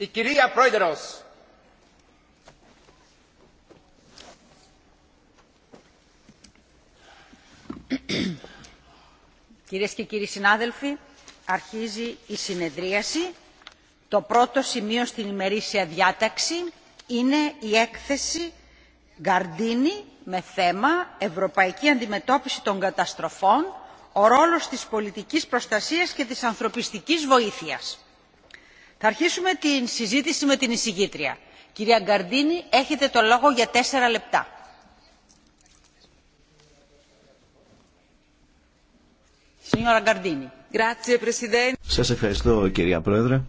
Η κυρία Πρόεδρος. Κυρίες και κύριοι συνάδελφοι, αρχίζει η συνεδρίαση. Το πρώτο σημείο στην ημερήσια διάταξη είναι η έκθεση Γκαρντίνη με θέμα «Ευρωπαϊκή αντιμετώπιση των καταστροφών, ο ρόλος της πολιτικής προστασίας και της ανθρωπιστικής βοήθειας». Θα αρχίσουμε την συζήτηση με την εισηγήτρια. Κυρία Γκαρντίνη, έχετε το λόγο για τέσσερα λεπτά. Σας ευχαριστώ κυρία Πρόεδρε.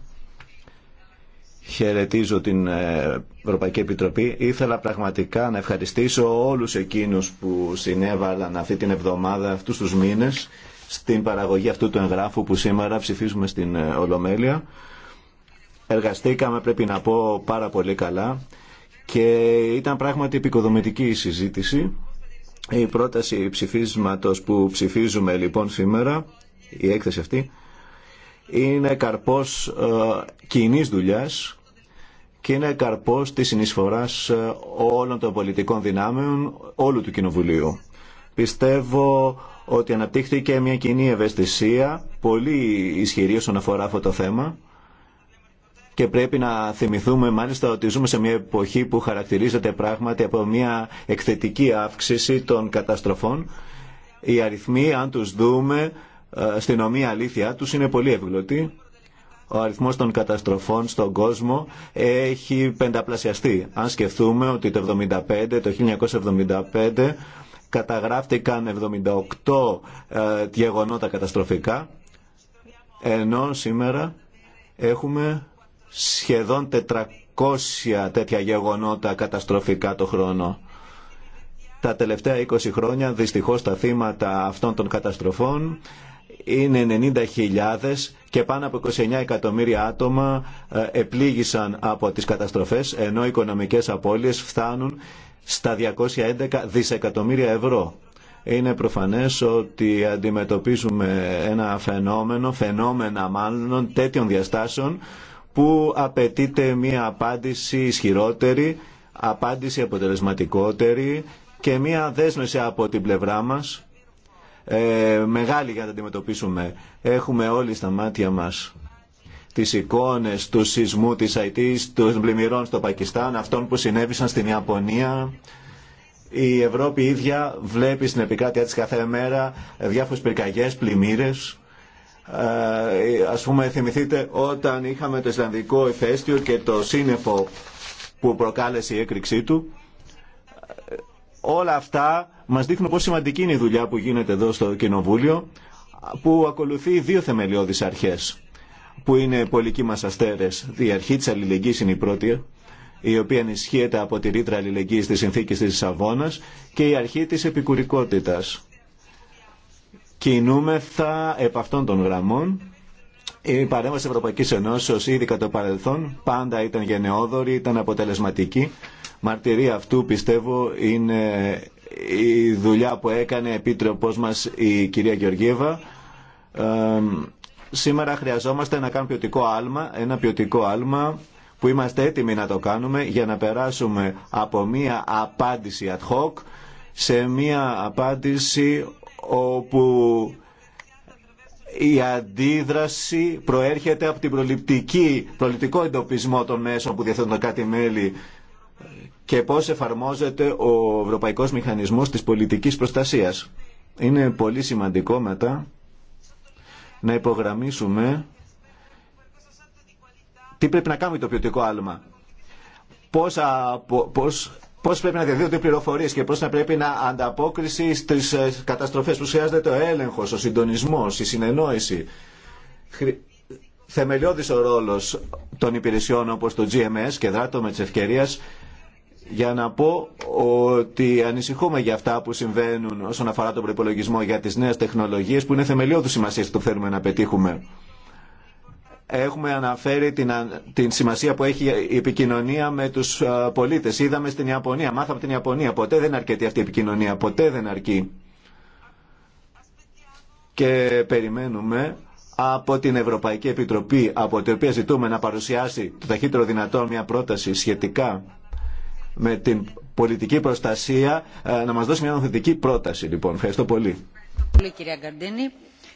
Χαιρετίζω την ε, Ευρωπαϊκή Επιτροπή. Ήθελα πραγματικά να ευχαριστήσω όλους εκείνους που συνέβαλαν αυτή την εβδομάδα, αυτούς τους μήνες, στην παραγωγή αυτού του εγγράφου που σήμερα ψηφίζουμε στην ε, Ολομέλεια. Εργαστήκαμε, πρέπει να πω, πάρα πολύ καλά και ήταν πράγματι επικοδομητική η συζήτηση. Η πρόταση ψηφίσματος που ψηφίζουμε λοιπόν σήμερα, η έκθεση αυτή, είναι καρπός ε, κοινής δουλειάς και είναι καρπός της συνεισφοράς ε, όλων των πολιτικών δυνάμεων όλου του Κοινοβουλίου. Πιστεύω ότι αναπτύχθηκε μια κοινή ευαισθησία πολύ ισχυρή όσον αφορά αυτό το θέμα και πρέπει να θυμηθούμε μάλιστα ότι ζούμε σε μια εποχή που χαρακτηρίζεται πράγματι από μια εκθετική αύξηση των καταστροφών. Οι αριθμοί, αν τους δούμε, ε, στην ομοία αλήθεια τους είναι πολύ ευγλωτοί. Ο αριθμός των καταστροφών στον κόσμο έχει πενταπλασιαστεί. Αν σκεφτούμε ότι το 75, το 1975 καταγράφτηκαν 78 ε, γεγονότα καταστροφικά, ενώ σήμερα έχουμε σχεδόν 400 τέτοια γεγονότα καταστροφικά το χρόνο. Τα τελευταία 20 χρόνια δυστυχώς τα θύματα αυτών των καταστροφών είναι 90.000 και πάνω από 29 εκατομμύρια άτομα ε, επλήγησαν από τις καταστροφές ενώ οι οικονομικές απώλειες φτάνουν στα 211 δισεκατομμύρια ευρώ. Είναι προφανές ότι αντιμετωπίζουμε ένα φαινόμενο, φαινόμενα μάλλον τέτοιων διαστάσεων που απαιτείται μια απάντηση ισχυρότερη, απάντηση αποτελεσματικότερη και μια δέσμευση από την πλευρά μας ε, μεγάλη για να τα αντιμετωπίσουμε. Έχουμε όλοι στα μάτια μας τις εικόνες του σεισμού της Αιτής, των πλημμυρών στο Πακιστάν, αυτών που συνέβησαν στην Ιαπωνία. Η Ευρώπη ίδια βλέπει στην επικράτειά της κάθε μέρα διάφορες πυρκαγιές, πλημμύρες ε, ας πούμε θυμηθείτε όταν είχαμε το Ισλανδικό ηφαίστειο και το σύννεφο που προκάλεσε η έκρηξή του όλα αυτά μας δείχνουν πόσο σημαντική είναι η δουλειά που γίνεται εδώ στο Κοινοβούλιο που ακολουθεί δύο θεμελιώδεις αρχές που είναι πολικοί μας αστέρες. Η αρχή της αλληλεγγύης είναι η πρώτη η οποία ενισχύεται από τη ρήτρα αλληλεγγύης της συνθήκης της Σαββόνας και η αρχή της επικουρικότητας κινούμεθα επ' αυτών των γραμμών. Η παρέμβαση Ευρωπαϊκή Ενώσεω ήδη κατά το παρελθόν πάντα ήταν γενναιόδορη, ήταν αποτελεσματική. Μαρτυρία αυτού πιστεύω είναι η δουλειά που έκανε επίτροπό μας η κυρία Γεωργίευα. σήμερα χρειαζόμαστε να κάνουμε ποιοτικό άλμα, ένα ποιοτικό άλμα που είμαστε έτοιμοι να το κάνουμε για να περάσουμε από μία απάντηση ad hoc σε μία απάντηση όπου η αντίδραση προέρχεται από την προληπτική, προληπτικό εντοπισμό των μέσων που διαθέτουν κάτι μέλη και πώς εφαρμόζεται ο Ευρωπαϊκός Μηχανισμός της Πολιτικής Προστασίας. Είναι πολύ σημαντικό μετά να υπογραμμίσουμε τι πρέπει να κάνουμε το ποιοτικό άλμα. Πώς, πώς πώ πρέπει να διαδίδονται οι πληροφορίε και πώ να πρέπει να ανταπόκριση στι ε, καταστροφέ που χρειάζεται ο έλεγχο, ο συντονισμό, η συνεννόηση. Θεμελιώδη ο ρόλο των υπηρεσιών όπω το GMS και δράτω με τη ευκαιρία για να πω ότι ανησυχούμε για αυτά που συμβαίνουν όσον αφορά τον προπολογισμό για τις νέες τεχνολογίες που είναι θεμελιώδη σημασία που θέλουμε να πετύχουμε. Έχουμε αναφέρει την, την σημασία που έχει η επικοινωνία με του ε, πολίτε. Είδαμε στην Ιαπωνία, μάθαμε από την Ιαπωνία. Ποτέ δεν αρκετεί αυτή η επικοινωνία, ποτέ δεν αρκεί. Και περιμένουμε από την Ευρωπαϊκή Επιτροπή, από την οποία ζητούμε να παρουσιάσει το ταχύτερο δυνατό μια πρόταση σχετικά με την πολιτική προστασία, ε, να μας δώσει μια νομοθετική πρόταση. Λοιπόν, ευχαριστώ πολύ. Ευχαριστώ πολύ κυρία Γκαρντίνη.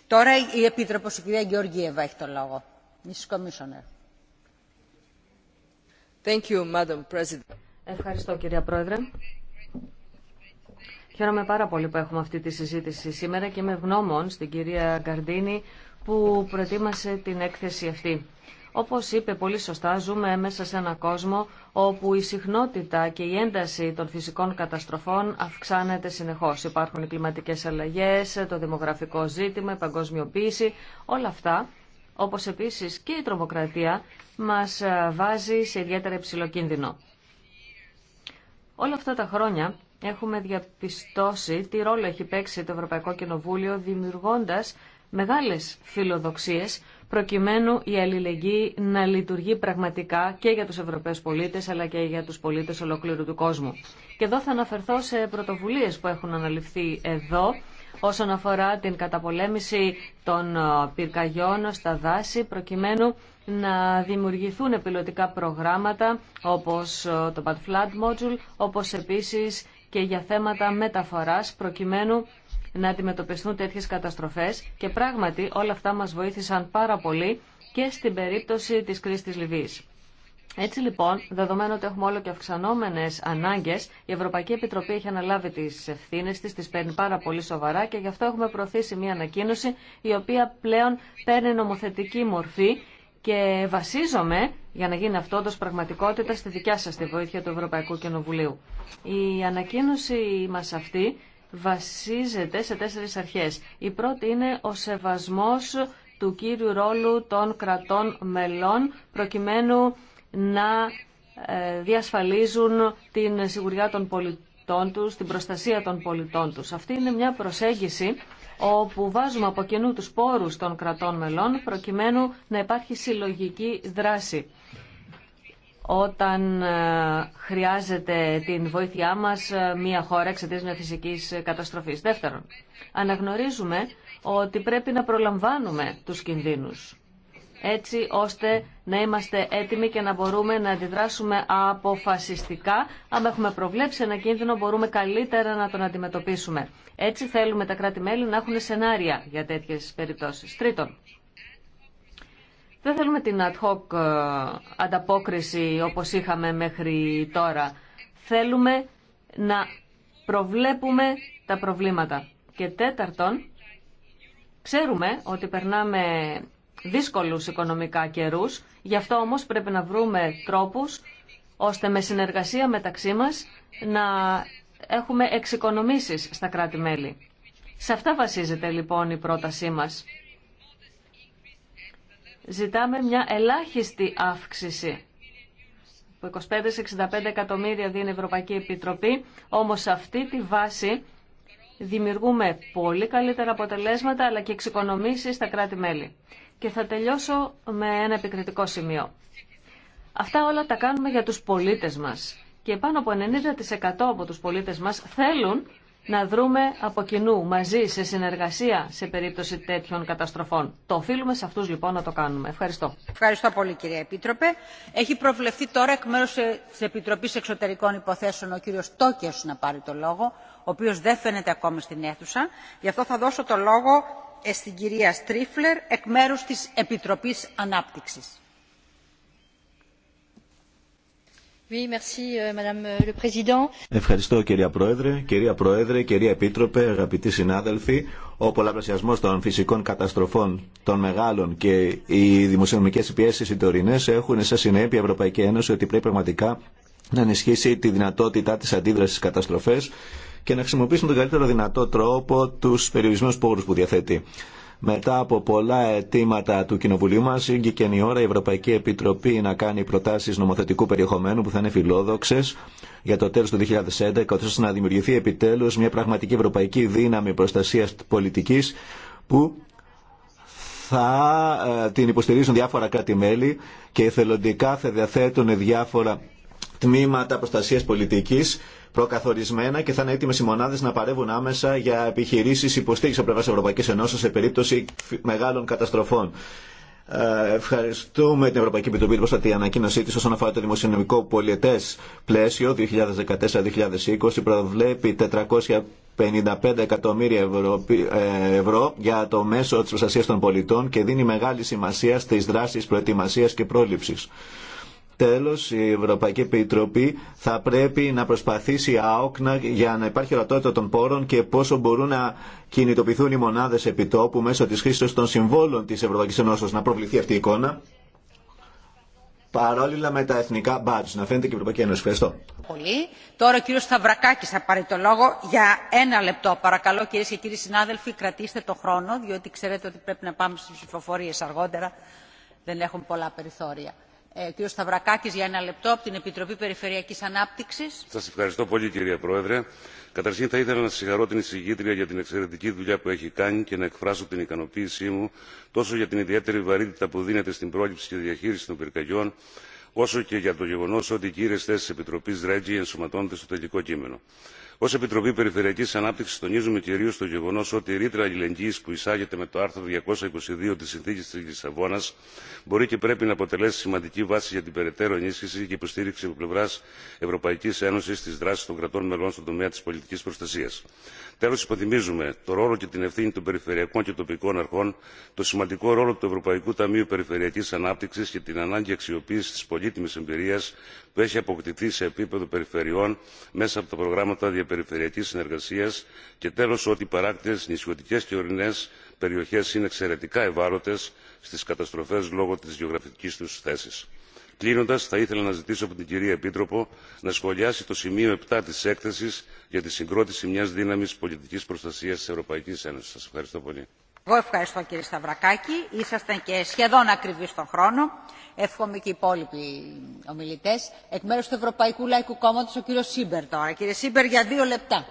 Τώρα η Επίτροπος, η κυρία Γεωργίευα, έχει το λόγο. Ευχαριστώ κυρία Πρόεδρε. Χαίρομαι πάρα πολύ που έχουμε αυτή τη συζήτηση σήμερα και είμαι ευγνώμων στην κυρία Γκαρντίνη που προετοίμασε την έκθεση αυτή. Όπως είπε πολύ σωστά, ζούμε μέσα σε έναν κόσμο όπου η συχνότητα και η ένταση των φυσικών καταστροφών αυξάνεται συνεχώς. Υπάρχουν οι κλιματικές αλλαγές, το δημογραφικό ζήτημα, η παγκοσμιοποίηση, όλα αυτά όπως επίσης και η τρομοκρατία, μας ε, βάζει σε ιδιαίτερα υψηλό κίνδυνο. Όλα αυτά τα χρόνια έχουμε διαπιστώσει τι ρόλο έχει παίξει το Ευρωπαϊκό Κοινοβούλιο δημιουργώντας μεγάλες φιλοδοξίες προκειμένου η αλληλεγγύη να λειτουργεί πραγματικά και για τους Ευρωπαίους πολίτες αλλά και για τους πολίτες ολόκληρου του κόσμου. Και εδώ θα αναφερθώ σε πρωτοβουλίες που έχουν αναλυφθεί εδώ όσον αφορά την καταπολέμηση των ε, πυρκαγιών στα δάση προκειμένου να δημιουργηθούν επιλοτικά προγράμματα όπως ε, το Bad Flood Module, όπως επίσης και για θέματα μεταφοράς προκειμένου να αντιμετωπιστούν τέτοιες καταστροφές και πράγματι όλα αυτά μας βοήθησαν πάρα πολύ και στην περίπτωση της κρίσης της Λιβύης. Έτσι λοιπόν, δεδομένου ότι έχουμε όλο και αυξανόμενε ανάγκε, η Ευρωπαϊκή Επιτροπή έχει αναλάβει τι ευθύνε τη, τι παίρνει πάρα πολύ σοβαρά και γι' αυτό έχουμε προωθήσει μια ανακοίνωση η οποία πλέον παίρνει νομοθετική μορφή και βασίζομαι για να γίνει αυτό όντως πραγματικότητα στη δικιά σας τη βοήθεια του Ευρωπαϊκού Κοινοβουλίου. Η ανακοίνωση μας αυτή βασίζεται σε τέσσερις αρχές. Η πρώτη είναι ο σεβασμός του κύριου ρόλου των κρατών μελών προκειμένου να ε, διασφαλίζουν την σιγουριά των πολιτών τους, την προστασία των πολιτών τους. Αυτή είναι μια προσέγγιση όπου βάζουμε από κοινού τους πόρους των κρατών μελών προκειμένου να υπάρχει συλλογική δράση. Όταν ε, χρειάζεται την βοήθειά μας ε, μια χώρα εξαιτίας μια φυσικής καταστροφής. Δεύτερον, αναγνωρίζουμε ότι πρέπει να προλαμβάνουμε τους κινδύνους έτσι ώστε να είμαστε έτοιμοι και να μπορούμε να αντιδράσουμε αποφασιστικά. Αν έχουμε προβλέψει ένα κίνδυνο μπορούμε καλύτερα να τον αντιμετωπίσουμε. Έτσι θέλουμε τα κράτη-μέλη να έχουν σενάρια για τέτοιες περιπτώσεις. Τρίτον, δεν θέλουμε την ad hoc ε, ανταπόκριση όπως είχαμε μέχρι τώρα. Θέλουμε να προβλέπουμε τα προβλήματα. Και τέταρτον, ξέρουμε ότι περνάμε δύσκολους οικονομικά καιρούς. Γι' αυτό όμως πρέπει να βρούμε τρόπους ώστε με συνεργασία μεταξύ μας να έχουμε εξοικονομήσεις στα κράτη-μέλη. Σε αυτά βασίζεται λοιπόν η πρότασή μας. Ζητάμε μια ελάχιστη αύξηση που 25-65 εκατομμύρια δίνει η Ευρωπαϊκή Επιτροπή, όμως σε αυτή τη βάση δημιουργούμε πολύ καλύτερα αποτελέσματα αλλά και εξοικονομήσεις στα κράτη-μέλη. Και θα τελειώσω με ένα επικριτικό σημείο. Αυτά όλα τα κάνουμε για τους πολίτες μας. Και πάνω από 90% από τους πολίτες μας θέλουν να δρούμε από κοινού, μαζί, σε συνεργασία, σε περίπτωση τέτοιων καταστροφών. Το οφείλουμε σε αυτούς λοιπόν να το κάνουμε. Ευχαριστώ. Ευχαριστώ πολύ κύριε Επίτροπε. Έχει προβλεφθεί τώρα εκ μέρους της Επιτροπής Εξωτερικών Υποθέσεων ο κύριος Τόκιος να πάρει το λόγο, ο οποίος δεν φαίνεται ακόμα στην αίθουσα. Γι' αυτό θα δώσω το λόγο στην κυρία Στρίφλερ εκ μέρους της Επιτροπής Ανάπτυξης. Euh, euh, Ευχαριστώ κυρία Πρόεδρε, κυρία Πρόεδρε, κυρία Επίτροπε, αγαπητοί συνάδελφοι. Ο πολλαπλασιασμό των φυσικών καταστροφών των μεγάλων και οι δημοσιονομικέ πιέσει οι τωρινέ έχουν σαν συνέπεια η Ευρωπαϊκή Ένωση ότι πρέπει πραγματικά να ενισχύσει τη δυνατότητά τη αντίδραση στι καταστροφέ και να χρησιμοποιήσουμε τον καλύτερο δυνατό τρόπο του περιορισμένου πόρου που διαθέτει. Μετά από πολλά αιτήματα του Κοινοβουλίου μα, και η ώρα η Ευρωπαϊκή Επιτροπή να κάνει προτάσει νομοθετικού περιεχομένου που θα είναι φιλόδοξε για το τέλο του 2011, ώστε να δημιουργηθεί επιτέλου μια πραγματική ευρωπαϊκή δύναμη προστασία πολιτική που θα ε, την υποστηρίζουν διάφορα κράτη-μέλη και εθελοντικά θα διαθέτουν διάφορα τμήματα προστασίας πολιτικής προκαθορισμένα και θα είναι έτοιμε οι μονάδε να παρεύουν άμεσα για επιχειρήσει υποστήριξη από πλευρά Ευρωπαϊκή Ενώσεω σε περίπτωση μεγάλων καταστροφών. Ε, ευχαριστούμε την Ευρωπαϊκή Επιτροπή λοιπόν για την ανακοίνωσή τη όσον αφορά το δημοσιονομικό πολιετέ πλαίσιο 2014-2020. Προβλέπει 455 εκατομμύρια ευρώ, ε, ευρώ για το μέσο τη προστασία των πολιτών και δίνει μεγάλη σημασία στι δράσει προετοιμασία και πρόληψη. Τέλος, η Ευρωπαϊκή Επιτροπή θα πρέπει να προσπαθήσει άοκνα για να υπάρχει ορατότητα των πόρων και πόσο μπορούν να κινητοποιηθούν οι μονάδες επιτόπου μέσω της χρήσης των συμβόλων της Ευρωπαϊκής Ενώσης να προβληθεί αυτή η εικόνα. παρόλληλα με τα εθνικά μπάτζ, να φαίνεται και η Ευρωπαϊκή Ένωση. Ευχαριστώ. Πολύ. Τώρα ο κύριο Σταυρακάκη θα πάρει το λόγο για ένα λεπτό. Παρακαλώ κυρίε και κύριοι συνάδελφοι, κρατήστε το χρόνο, διότι ξέρετε ότι πρέπει να πάμε στι ψηφοφορίε αργότερα. Δεν έχουν πολλά περιθώρια. Ε, κύριο Σταυρακάκη, για ένα λεπτό, από την Επιτροπή Περιφερειακή Ανάπτυξη. Σα ευχαριστώ πολύ, κυρία Πρόεδρε. Καταρχήν, θα ήθελα να συγχαρώ την εισηγήτρια για την εξαιρετική δουλειά που έχει κάνει και να εκφράσω την ικανοποίησή μου τόσο για την ιδιαίτερη βαρύτητα που δίνεται στην πρόληψη και διαχείριση των πυρκαγιών, όσο και για το γεγονό ότι οι κύριε θέσει τη Επιτροπή Ρέτζι ενσωματώνονται στο τελικό κείμενο ω επιτροπή περιφερειακή ανάπτυξη, τονίζουμε κυρίω το γεγονό ότι η ρήτρα αλληλεγγύη που εισάγεται με το άρθρο 222 τη συνθήκη τη Λισαβόνα μπορεί και πρέπει να αποτελέσει σημαντική βάση για την περαιτέρω ενίσχυση και υποστήριξη από πλευρά ευρωπαϊκής ένωσης της δράσης των κρατών μελών στον τομέα τη πολιτική προστασία. Τέλο υποθυμίζουμε το ρόλο και την ευθύνη των περιφερειακών και τοπικών αρχών το σημαντικό ρόλο του ευρωπαϊκού ταμείου Περιφερειακή ανάπτυξη και την ανάγκη αξιοποίηση τη πολύτιμη εμπειρία που έχει αποκτηθεί σε επίπεδο περιφερειών μέσα από τα προγράμματα Περιφερειακή συνεργασία και τέλο ότι οι νησιωτικέ και ορεινέ περιοχέ είναι εξαιρετικά ευάλωτες στι καταστροφέ λόγω τη γεωγραφική του θέση. Κλείνοντα, θα ήθελα να ζητήσω από την κυρία επίτροπο να σχολιάσει το σημείο 7 τη έκθεση για τη συγκρότηση μια δύναμη πολιτική προστασία τη Ευρωπαϊκή Ένωση, ευχαριστώ πολύ. Εγώ ευχαριστώ κύριε Σταυρακάκη. Ήσασταν και σχεδόν ακριβείς στον χρόνο. Εύχομαι και οι υπόλοιποι ομιλητές. Εκ μέρους του Ευρωπαϊκού Λαϊκού Κόμματος ο κύριος Σίμπερ τώρα. Κύριε Σίμπερ για δύο λεπτά.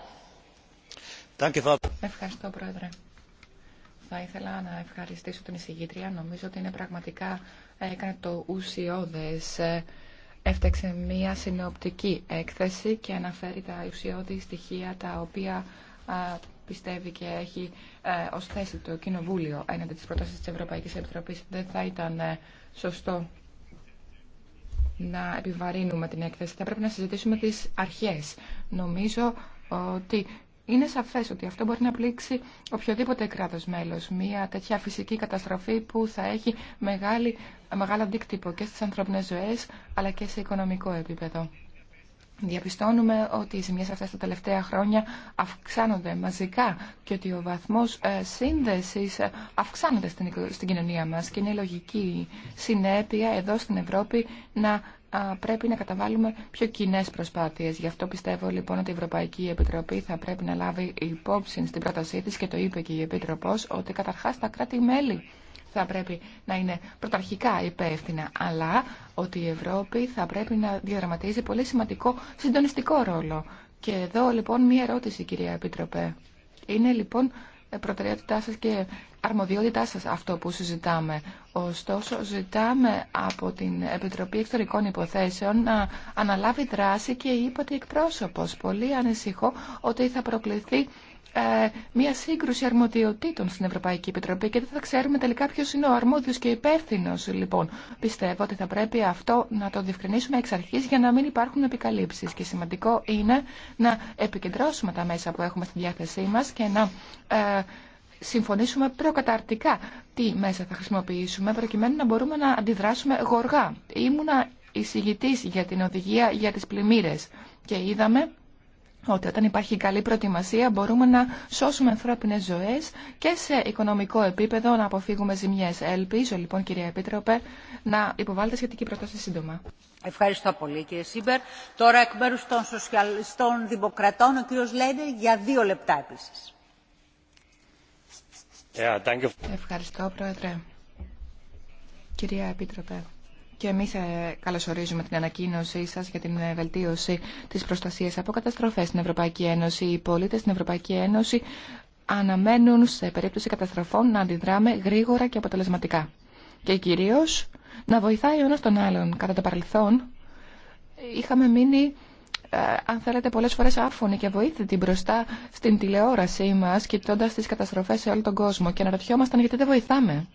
Ευχαριστώ πρόεδρε. Θα ήθελα να ευχαριστήσω την εισηγήτρια. Νομίζω ότι είναι πραγματικά ε, έκανε το ουσιώδες ε, έφταξε μία συνοπτική έκθεση και αναφέρει τα ουσιώδη στοιχεία τα οποία πιστεύει και έχει ε, ως θέση το Κοινοβούλιο έναντι της πρότασης της Ευρωπαϊκής Επιτροπής. Δεν θα ήταν ε, σωστό να επιβαρύνουμε την έκθεση. Θα πρέπει να συζητήσουμε τις αρχές. Νομίζω ότι είναι σαφές ότι αυτό μπορεί να πλήξει οποιοδήποτε κράτος μέλος. Μία τέτοια φυσική καταστροφή που θα έχει μεγάλη, μεγάλο αντίκτυπο και στις ανθρώπινες ζωές αλλά και σε οικονομικό επίπεδο. Διαπιστώνουμε ότι οι ζημιές αυτές τα τελευταία χρόνια αυξάνονται μαζικά και ότι ο βαθμός ε, σύνδεσης ε, αυξάνεται στην κοινωνία μας και είναι λογική συνέπεια εδώ στην Ευρώπη να πρέπει να καταβάλουμε πιο κοινέ προσπάθειες. Γι' αυτό πιστεύω λοιπόν ότι η Ευρωπαϊκή Επιτροπή θα πρέπει να λάβει υπόψη στην πρότασή τη και το είπε και η Επίτροπος ότι καταρχάς τα κράτη-μέλη θα πρέπει να είναι πρωταρχικά υπεύθυνα, αλλά ότι η Ευρώπη θα πρέπει να διαδραματίζει πολύ σημαντικό συντονιστικό ρόλο. Και εδώ λοιπόν μία ερώτηση, κυρία Επίτροπε. Είναι λοιπόν προτεραιότητά σας και αρμοδιότητά σας αυτό που συζητάμε. Ωστόσο, ζητάμε από την Επιτροπή Εξωτερικών Υποθέσεων να αναλάβει δράση και είπατε εκπρόσωπος. Πολύ ανησυχώ ότι θα προκληθεί ε, μια σύγκρουση αρμοδιοτήτων στην Ευρωπαϊκή Επιτροπή και δεν θα ξέρουμε τελικά ποιο είναι ο αρμόδιο και υπεύθυνο. Λοιπόν, πιστεύω ότι θα πρέπει αυτό να το διευκρινίσουμε εξ αρχή για να μην υπάρχουν επικαλύψει. και σημαντικό είναι να επικεντρώσουμε τα μέσα που έχουμε στη διάθεσή μα και να... Ε, συμφωνήσουμε προκαταρτικά τι μέσα θα χρησιμοποιήσουμε προκειμένου να μπορούμε να αντιδράσουμε γοργά. Ήμουνα εισηγητή για την οδηγία για τι πλημμύρε. και είδαμε ότι όταν υπάρχει καλή προετοιμασία μπορούμε να σώσουμε ανθρώπινες ζωές και σε οικονομικό επίπεδο να αποφύγουμε ζημιές. Ελπίζω λοιπόν κυρία Επίτροπε να υποβάλλετε σχετική πρόταση σύντομα. Ευχαριστώ πολύ κύριε Σίμπερ. Τώρα εκ μέρου των Σοσιαλιστών Δημοκρατών ο κύριος Λέντερ για δύο λεπτά επίσης. Ευχαριστώ πρόεδρε. Κυρία Επίτροπε. Και εμείς ε, καλωσορίζουμε την ανακοίνωσή σα για την ε, βελτίωση τη προστασία από καταστροφέ στην Ευρωπαϊκή Ένωση. Οι πολίτε στην Ευρωπαϊκή Ένωση αναμένουν σε περίπτωση καταστροφών να αντιδράμε γρήγορα και αποτελεσματικά. Και κυρίω να βοηθάει ο ένα τον άλλον. Κατά το παρελθόν είχαμε μείνει ε, αν θέλετε, πολλέ φορέ άφωνοι και βοήθητοι μπροστά στην τηλεόρασή μα, κοιτώντα τι καταστροφέ σε όλο τον κόσμο και αναρωτιόμασταν γιατί δεν βοηθάμε.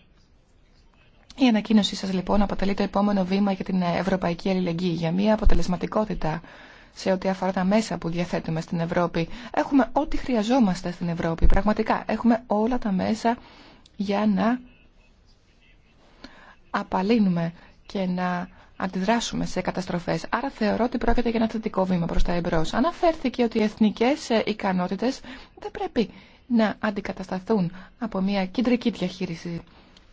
Η ανακοίνωσή σας λοιπόν αποτελεί το επόμενο βήμα για την ευρωπαϊκή αλληλεγγύη, για μια αποτελεσματικότητα σε ό,τι αφορά τα μέσα που διαθέτουμε στην Ευρώπη. Έχουμε ό,τι χρειαζόμαστε στην Ευρώπη, πραγματικά. Έχουμε όλα τα μέσα για να απαλύνουμε και να αντιδράσουμε σε καταστροφές. Άρα θεωρώ ότι πρόκειται για ένα θετικό βήμα προς τα εμπρός. Αναφέρθηκε ότι οι εθνικές ικανότητες δεν πρέπει να αντικατασταθούν από μια κεντρική διαχείριση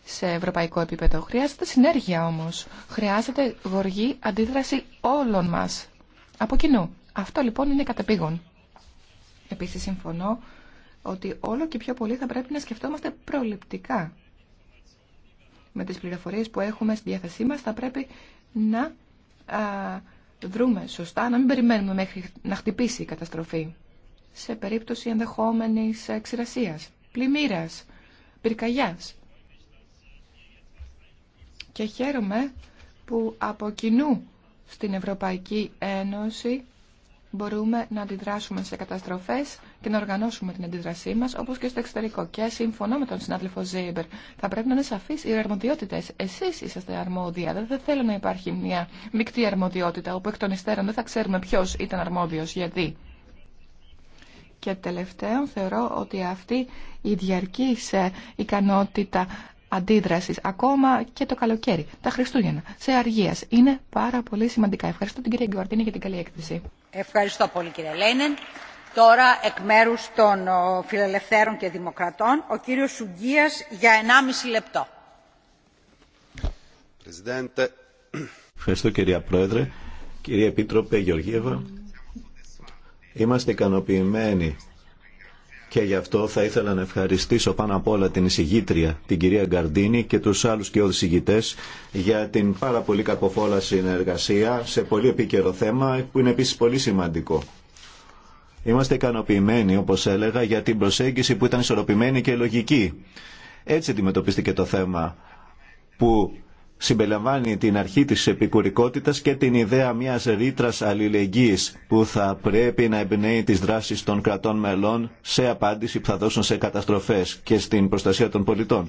σε ευρωπαϊκό επίπεδο. Χρειάζεται συνέργεια όμως. Χρειάζεται γοργή αντίδραση όλων μας. Από κοινού. Αυτό λοιπόν είναι κατεπήγον. Επίσης συμφωνώ ότι όλο και πιο πολύ θα πρέπει να σκεφτόμαστε προληπτικά. Με τις πληροφορίες που έχουμε στη διάθεσή μας θα πρέπει να α, δρούμε σωστά, να μην περιμένουμε μέχρι να χτυπήσει η καταστροφή. Σε περίπτωση ενδεχόμενης εξηρασίας, πλημμύρας, πυρκαγιάς και χαίρομαι που από κοινού στην Ευρωπαϊκή Ένωση μπορούμε να αντιδράσουμε σε καταστροφές και να οργανώσουμε την αντίδρασή μας όπως και στο εξωτερικό. Και συμφωνώ με τον συνάδελφο Ζέιμπερ. Θα πρέπει να είναι σαφείς οι αρμοδιότητες. Εσείς είσαστε αρμόδια. Δεν θέλω να υπάρχει μια μεικτή αρμοδιότητα όπου εκ των υστέρων δεν θα ξέρουμε ποιος ήταν αρμόδιος γιατί. Και τελευταίο θεωρώ ότι αυτή η διαρκής ε, ικανότητα αντίδρασης ακόμα και το καλοκαίρι, τα Χριστούγεννα, σε αργίας. Είναι πάρα πολύ σημαντικά. Ευχαριστώ την κυρία Γκουαρτίνη για την καλή έκθεση. Ευχαριστώ πολύ κύριε Λέινεν. Τώρα εκ μέρου των Φιλελευθέρων και Δημοκρατών, ο κύριος Σουγγίας για 1,5 λεπτό. Ευχαριστώ κυρία Πρόεδρε. Κυρία Επίτροπε Γεωργίευα, είμαστε ικανοποιημένοι και γι' αυτό θα ήθελα να ευχαριστήσω πάνω απ' όλα την εισηγήτρια, την κυρία Γκαρντίνη και τους άλλους και οδησηγητές για την πάρα πολύ κακοφόλα συνεργασία σε πολύ επίκαιρο θέμα που είναι επίσης πολύ σημαντικό. Είμαστε ικανοποιημένοι, όπως έλεγα, για την προσέγγιση που ήταν ισορροπημένη και λογική. Έτσι αντιμετωπίστηκε το θέμα που συμπεριλαμβάνει την αρχή της επικουρικότητας και την ιδέα μιας ρήτρα αλληλεγγύης που θα πρέπει να εμπνέει τις δράσεις των κρατών μελών σε απάντηση που θα δώσουν σε καταστροφές και στην προστασία των πολιτών.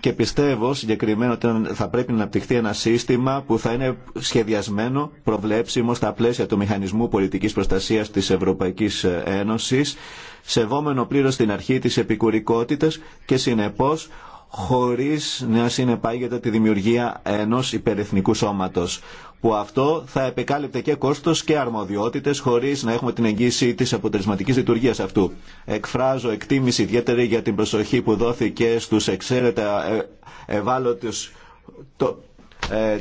Και πιστεύω συγκεκριμένα ότι θα πρέπει να αναπτυχθεί ένα σύστημα που θα είναι σχεδιασμένο, προβλέψιμο στα πλαίσια του Μηχανισμού Πολιτικής Προστασίας της Ευρωπαϊκής Ένωσης, σεβόμενο πλήρως την αρχή της επικουρικότητας και συνεπώς χωρίς να συνεπάγεται τη δημιουργία ενό υπερεθνικού σώματο, που αυτό θα επεκάλυπτε και κόστο και αρμοδιότητε χωρί να έχουμε την εγγύηση τη αποτελεσματική λειτουργία αυτού. Εκφράζω εκτίμηση ιδιαίτερη για την προσοχή που δόθηκε στου εξαίρετα ε, ευάλωτου το, ε,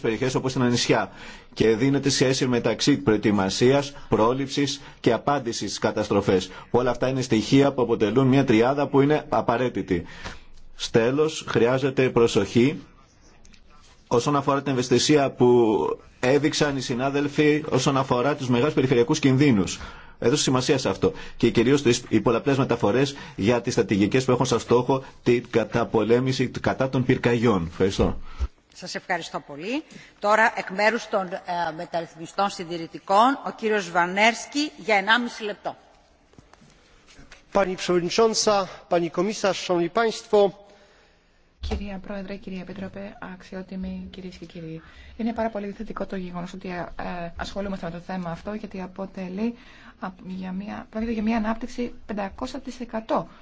περιοχές όπως είναι νησιά και δίνεται σχέση μεταξύ προετοιμασίας, πρόληψης και απάντησης στις καταστροφές. Όλα αυτά είναι στοιχεία που αποτελούν μια τριάδα που είναι απαραίτητη. Στέλος, χρειάζεται προσοχή όσον αφορά την ευαισθησία που έδειξαν οι συνάδελφοι όσον αφορά τους μεγάλους περιφερειακούς κινδύνους. Έδωσε σημασία σε αυτό. Και κυρίω οι πολλαπλέ μεταφορέ για τι στρατηγικέ που έχουν σαν στόχο την καταπολέμηση κατά των πυρκαγιών. Ευχαριστώ. Σας ευχαριστώ πολύ. Τώρα εκ μέρου των ε, μεταρρυθμιστών συντηρητικών, ο κύριος Βανέρσκι για 1,5 λεπτό. Pani Przewodnicząca, Pani Komisarz, Szanowni Państwo, Κυρία Πρόεδρε, κυρία Επιτροπέ, αξιότιμοι κυρίε και κύριοι. Είναι πάρα πολύ θετικό το γεγονό ότι ε, ασχολούμαστε με το θέμα αυτό, γιατί αποτελεί για μια, για μια ανάπτυξη 500%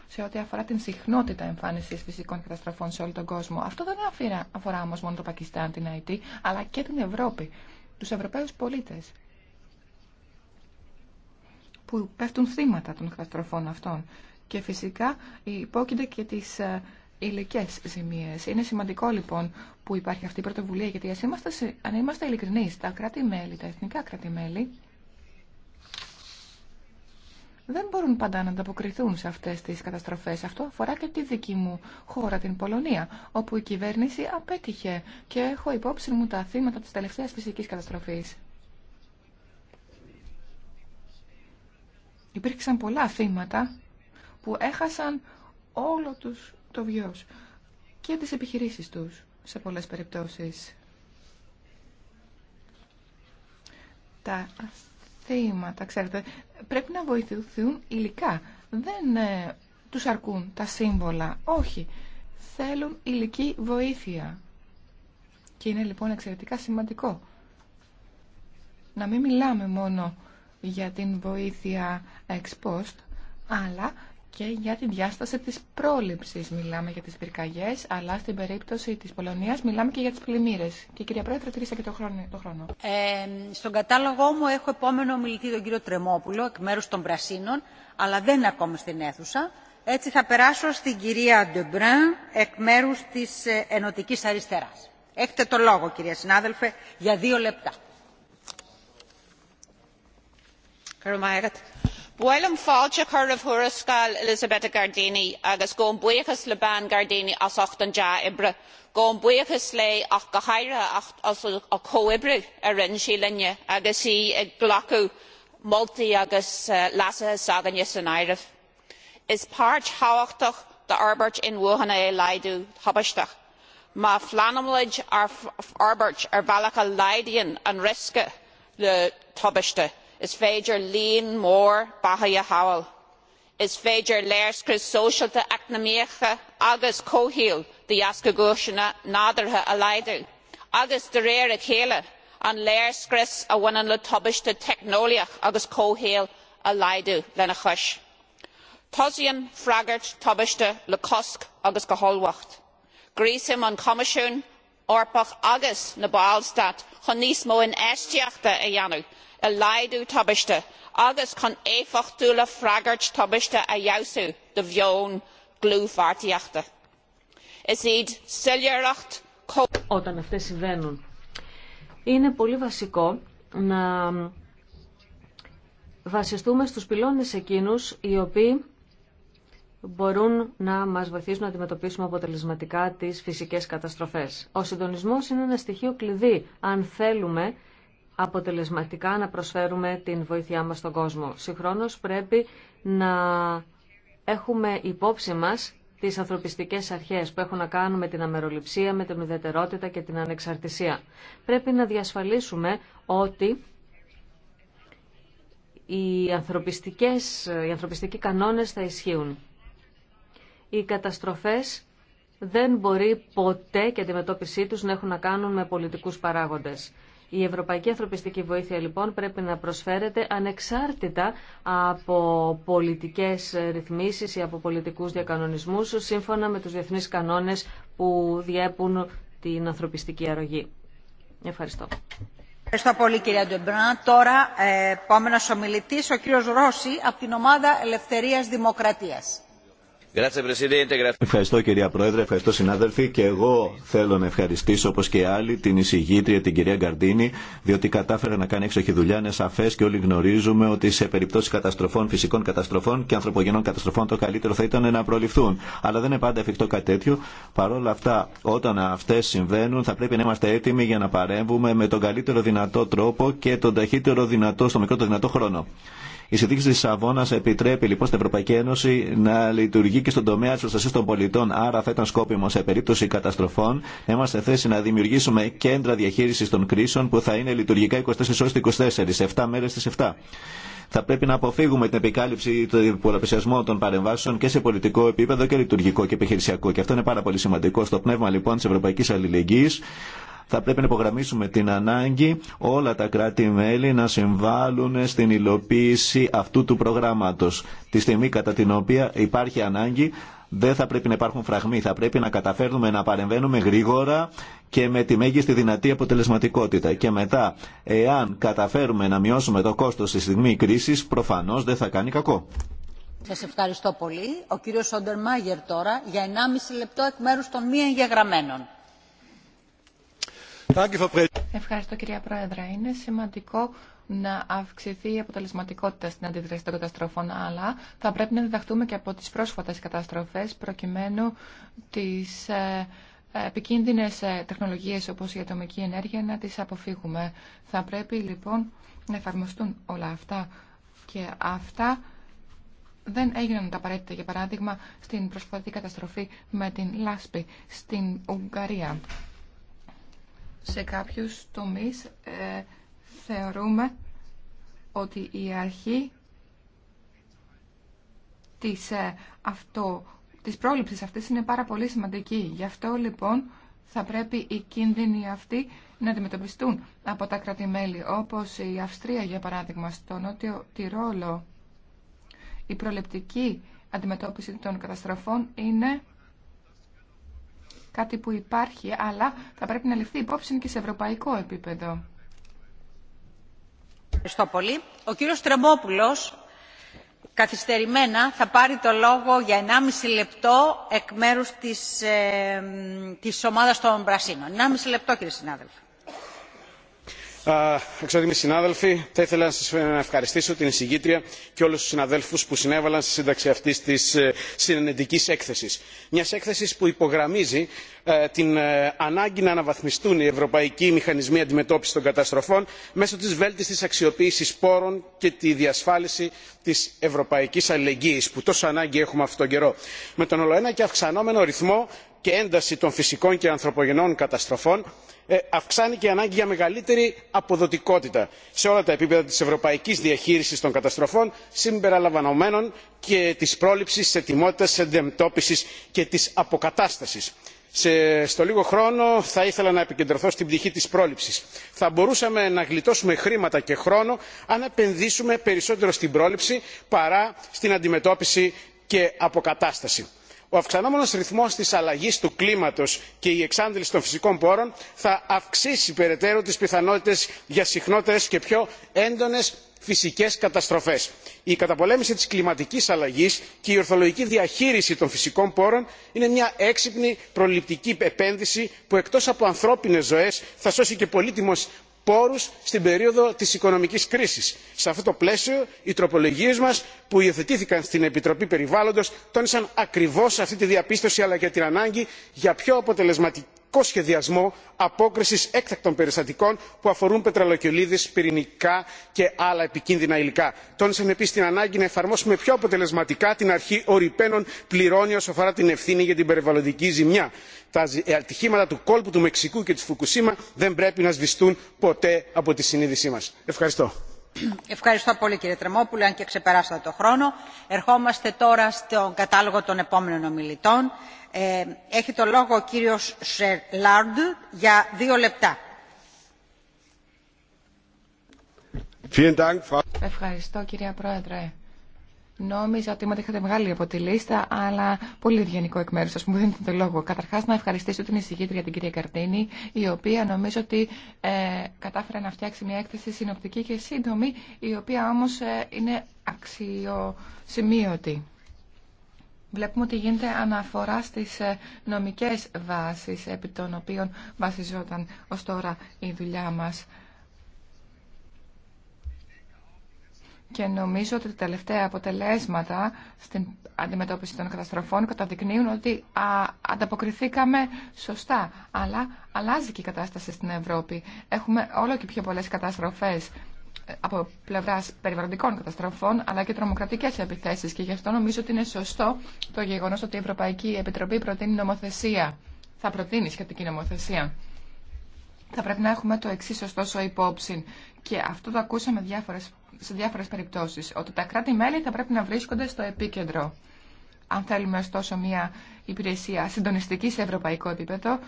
σε ό,τι αφορά την συχνότητα εμφάνιση φυσικών καταστροφών σε όλο τον κόσμο. Αυτό δεν αφορά, αφορά όμω μόνο το Πακιστάν, την ΑΕΤ, αλλά και την Ευρώπη, του Ευρωπαίου πολίτε που πέφτουν θύματα των καταστροφών αυτών. Και φυσικά υπόκειται και τις ε, υλικέ ζημίε. Είναι σημαντικό λοιπόν που υπάρχει αυτή η πρωτοβουλία, γιατί είμαστε, αν είμαστε ειλικρινεί, τα κράτη-μέλη, τα εθνικά κράτη-μέλη, δεν μπορούν πάντα να ανταποκριθούν σε αυτές τις καταστροφές. Αυτό αφορά και τη δική μου χώρα, την Πολωνία, όπου η κυβέρνηση απέτυχε και έχω υπόψη μου τα θύματα της τελευταίας φυσικής καταστροφής. Υπήρξαν πολλά θύματα που έχασαν όλο τους το βιός και τις επιχειρήσεις τους σε πολλές περιπτώσεις. Τα θύματα, ξέρετε, πρέπει να βοηθηθούν υλικά. Δεν ε, τους αρκούν τα σύμβολα. Όχι. Θέλουν υλική βοήθεια. Και είναι λοιπόν εξαιρετικά σημαντικό να μην μιλάμε μόνο για την βοήθεια ex post, αλλά και για τη διάσταση της πρόληψης μιλάμε για τις πυρκαγιές, αλλά στην περίπτωση της Πολωνίας μιλάμε και για τις πλημμύρες. Και κυρία Πρόεδρε, τρίστε και το χρόνο. Το χρόνο. Ε, στον κατάλογό μου έχω επόμενο μιλητή τον κύριο Τρεμόπουλο, εκ μέρους των Πρασίνων, αλλά δεν είναι ακόμα στην αίθουσα. Έτσι θα περάσω στην κυρία Ντεμπράν, εκ μέρους της ε, Ενωτικής Αριστεράς. Έχετε το λόγο, κυρία συνάδελφε, για δύο λεπτά. Bhuailim fáilte chuirmh thuarascáil Elisabetta Gardini agus go bhuíochas le bean Gardini as ucht an 8 ibre, go bhuíochas lé ach go háire as a cóibre a rinn sí linne agus í ag glacu moltaí agus lasathe saganne san áireamh. Is páirt thábhachtach de arbeirt in Wuhanna é laidú thabaisteach. Má phleanmlaid ar arbeirt ar bhealach a laidaíonn an risce le tubhaiste is féidir líon mór bathaithe samhail is féidir léirscrí sóisialta eacnamaíocha agus comhthéal de dheasca gúiseanna nádúrtha a laghdú agus de réir a chéile an léirscris a bhaineann le tubaiste teicneolaíoch agus comhthéal a laghdú lena chois. tosaíonn freagairt tubaiste le cosc agus go hollmhocht gréasaim an cumaisiún orpach agus na ballstad chun níos mó in aisteachta a dhéanamh όταν αυτές συμβαίνουν, είναι πολύ βασικό να βασιστούμε στους πυλώνες εκείνους οι οποίοι μπορούν να μας βοηθήσουν να αντιμετωπίσουμε αποτελεσματικά τις φυσικές καταστροφές. Ο συντονισμός είναι ένα στοιχείο κλειδί αν θέλουμε αποτελεσματικά να προσφέρουμε την βοήθειά μας στον κόσμο. Συγχρόνως πρέπει να έχουμε υπόψη μας τις ανθρωπιστικές αρχές που έχουν να κάνουν με την αμεροληψία, με την ουδετερότητα και την ανεξαρτησία. Πρέπει να διασφαλίσουμε ότι οι, ανθρωπιστικές, οι ανθρωπιστικοί κανόνες θα ισχύουν. Οι καταστροφές δεν μπορεί ποτέ και αντιμετώπιση τους να έχουν να κάνουν με πολιτικούς παράγοντες. Η Ευρωπαϊκή Ανθρωπιστική Βοήθεια λοιπόν πρέπει να προσφέρεται ανεξάρτητα από πολιτικές ρυθμίσεις ή από πολιτικούς διακανονισμούς σύμφωνα με τους διεθνείς κανόνες που διέπουν την ανθρωπιστική αρρωγή. Ευχαριστώ. Ευχαριστώ πολύ κυρία Ντεμπρά. Τώρα ε, επόμενος ομιλητής ο κύριος Ρώση από την ομάδα Ελευθερίας Δημοκρατίας. Ευχαριστώ κυρία Πρόεδρε, ευχαριστώ συνάδελφοι και εγώ θέλω να ευχαριστήσω όπως και άλλοι την εισηγήτρια την κυρία Γκαρντίνη διότι κατάφερε να κάνει έξοχη δουλειά, είναι σαφές και όλοι γνωρίζουμε ότι σε περιπτώσεις καταστροφών, φυσικών καταστροφών και ανθρωπογενών καταστροφών το καλύτερο θα ήταν να προληφθούν. Αλλά δεν είναι πάντα εφικτό κάτι τέτοιο. Παρ' αυτά όταν αυτές συμβαίνουν θα πρέπει να είμαστε έτοιμοι για να παρέμβουμε με τον καλύτερο δυνατό τρόπο και τον ταχύτερο δυνατό, στο μικρότερο δυνατό χρόνο. Η συνθήκη τη Σαββόνα επιτρέπει λοιπόν στην Ευρωπαϊκή Ένωση να λειτουργεί και στον τομέα τη προστασία των πολιτών. Άρα θα ήταν σκόπιμο σε περίπτωση καταστροφών είμαστε θέση να δημιουργήσουμε κέντρα διαχείριση των κρίσεων που θα είναι λειτουργικά 24 ώρε 24, 7 μέρε στι 7 θα πρέπει να αποφύγουμε την επικάλυψη του πολλαπλασιασμού των παρεμβάσεων και σε πολιτικό επίπεδο και λειτουργικό και επιχειρησιακό. Και αυτό είναι πάρα πολύ σημαντικό. Στο πνεύμα λοιπόν τη Ευρωπαϊκή Αλληλεγγύη θα πρέπει να υπογραμμίσουμε την ανάγκη όλα τα κράτη-μέλη να συμβάλλουν στην υλοποίηση αυτού του προγράμματος. Τη στιγμή κατά την οποία υπάρχει ανάγκη δεν θα πρέπει να υπάρχουν φραγμοί. Θα πρέπει να καταφέρνουμε να παρεμβαίνουμε γρήγορα και με τη μέγιστη δυνατή αποτελεσματικότητα. Και μετά, εάν καταφέρουμε να μειώσουμε το κόστος στη στιγμή κρίσης, προφανώς δεν θα κάνει κακό. Σας ευχαριστώ πολύ. Ο κύριος Σόντερ Μάγερ τώρα για 1,5 λεπτό εκ μέρους των μη εγγεγραμμένων. Ευχαριστώ κυρία Πρόεδρε. Είναι σημαντικό να αυξηθεί η αποτελεσματικότητα στην αντίδραση των καταστροφών, αλλά θα πρέπει να διδαχτούμε και από τις πρόσφατες καταστροφές προκειμένου τις ε, επικίνδυνες ε, τεχνολογίες όπως η ατομική ενέργεια να τις αποφύγουμε. Θα πρέπει λοιπόν να εφαρμοστούν όλα αυτά και αυτά δεν έγιναν τα απαραίτητα, για παράδειγμα, στην προσφατή καταστροφή με την Λάσπη στην Ουγγαρία σε κάποιους τομείς ε, θεωρούμε ότι η αρχή της, ε, αυτό, της πρόληψης αυτής είναι πάρα πολύ σημαντική. Γι' αυτό λοιπόν θα πρέπει οι κίνδυνοι αυτοί να αντιμετωπιστούν από τα κράτη-μέλη, όπως η Αυστρία για παράδειγμα, στο νότιο Τυρόλο. Η προληπτική αντιμετώπιση των καταστροφών είναι κάτι που υπάρχει, αλλά θα πρέπει να ληφθεί υπόψη και σε ευρωπαϊκό επίπεδο. Ευχαριστώ πολύ. Ο κύριος Τρεμόπουλος καθυστερημένα θα πάρει το λόγο για 1,5 λεπτό εκ μέρους της, ε, της ομάδας των Πρασίνων. 1,5 λεπτό κύριε συνάδελφε αξιότιμοι συνάδελφοι θα ήθελα να ευχαριστήσω την εισηγήτρια και όλους τους συναδέλφους που συνέβαλαν στη σύνταξη αυτής της ε, συνενετικής έκθεσης μιας έκθεσης που υπογραμμίζει ε, την ε, ανάγκη να αναβαθμιστούν οι ευρωπαϊκοί μηχανισμοί αντιμετώπισης των καταστροφών μέσω της βέλτιστης αξιοποίησης πόρων και τη διασφάλιση της ευρωπαϊκής αλληλεγγύης που τόσο ανάγκη έχουμε αυτόν τον καιρό με τον ολοένα και αυξανόμενο ρυθμό και ένταση των φυσικών και ανθρωπογενών καταστροφών ε, αυξάνει και η ανάγκη για μεγαλύτερη αποδοτικότητα σε όλα τα επίπεδα της ευρωπαϊκής διαχείρισης των καταστροφών συμπεριλαμβανομένων και της πρόληψης της ετοιμότητας αντιμετώπισης και της αποκατάστασης. στο λίγο χρόνο θα ήθελα να επικεντρωθώ στην πτυχή της πρόληψης. θα μπορούσαμε να γλιτώσουμε χρήματα και χρόνο αν επενδύσουμε περισσότερο στην πρόληψη παρά στην αντιμετώπιση και αποκατάσταση ο αυξανόμενος ρυθμός της αλλαγής του κλίματος και η εξάντληση των φυσικών πόρων θα αυξήσει περαιτέρω τις πιθανότητες για συχνότερες και πιο έντονες φυσικές καταστροφές. η καταπολέμηση της κλιματικής αλλαγής και η ορθολογική διαχείριση των φυσικών πόρων είναι μια έξυπνη προληπτική επένδυση που εκτός από ανθρώπινες ζωές θα σώσει και πολύτιμο πόρους στην περίοδο της οικονομικής κρίσης. σε αυτό το πλαίσιο οι τροπολογίε μας που υιοθετήθηκαν στην επιτροπή περιβάλλοντος τόνισαν ακριβώς αυτή τη διαπίστωση αλλά και την ανάγκη για πιο αποτελεσματική το σχεδιασμό απόκριση έκτακτων περιστατικών που αφορούν πετρελαιοκυλίδε πυρηνικά και άλλα επικίνδυνα υλικά. τόνισαν επίση την ανάγκη να εφαρμόσουμε πιο αποτελεσματικά την αρχή ορυπαίνων πληρώνει όσο αφορά την ευθύνη για την περιβαλλοντική ζημιά. τα ε, ατυχήματα του κόλπου του μεξικού και τη φουκουσίμα δεν πρέπει να σβηστούν ποτέ από τη συνείδησή μα. ευχαριστώ. Ευχαριστώ πολύ κύριε Τρεμόπουλε, αν και ξεπεράσατε το χρόνο. Ερχόμαστε τώρα στον κατάλογο των επόμενων ομιλητών. Ε, έχει το λόγο ο κύριος Λάρντ για δύο λεπτά. Ευχαριστώ κυρία Πρόεδρε. Νόμιζα ότι είχατε βγάλει από τη λίστα, αλλά πολύ ευγενικό εκ μέρου σα. Μου δίνετε το λόγο. καταρχάς να ευχαριστήσω την εισηγήτρια, την κυρία Καρτίνη, η οποία νομίζω ότι ε, κατάφερε να φτιάξει μια έκθεση συνοπτική και σύντομη, η οποία όμω ε, είναι αξιοσημείωτη. Βλέπουμε ότι γίνεται αναφορά στις ε, νομικές βάσεις επί των οποίων βασιζόταν ως τώρα η δουλειά μας. Και νομίζω ότι τα τελευταία αποτελέσματα στην αντιμετώπιση των καταστροφών καταδεικνύουν ότι α, ανταποκριθήκαμε σωστά. Αλλά αλλάζει και η κατάσταση στην Ευρώπη. Έχουμε όλο και πιο πολλές καταστροφές από πλευρά περιβαλλοντικών καταστροφών αλλά και τρομοκρατικέ επιθέσει. Και γι' αυτό νομίζω ότι είναι σωστό το γεγονό ότι η Ευρωπαϊκή Επιτροπή προτείνει νομοθεσία. Θα προτείνει σχετική νομοθεσία. Θα πρέπει να έχουμε το εξή ωστόσο υπόψη. Και αυτό το ακούσαμε διάφορες, σε διάφορε περιπτώσει. Ότι τα κράτη-μέλη θα πρέπει να βρίσκονται στο επίκεντρο. Αν θέλουμε ωστόσο μια υπηρεσία συντονιστική σε ευρωπαϊκό επίπεδο,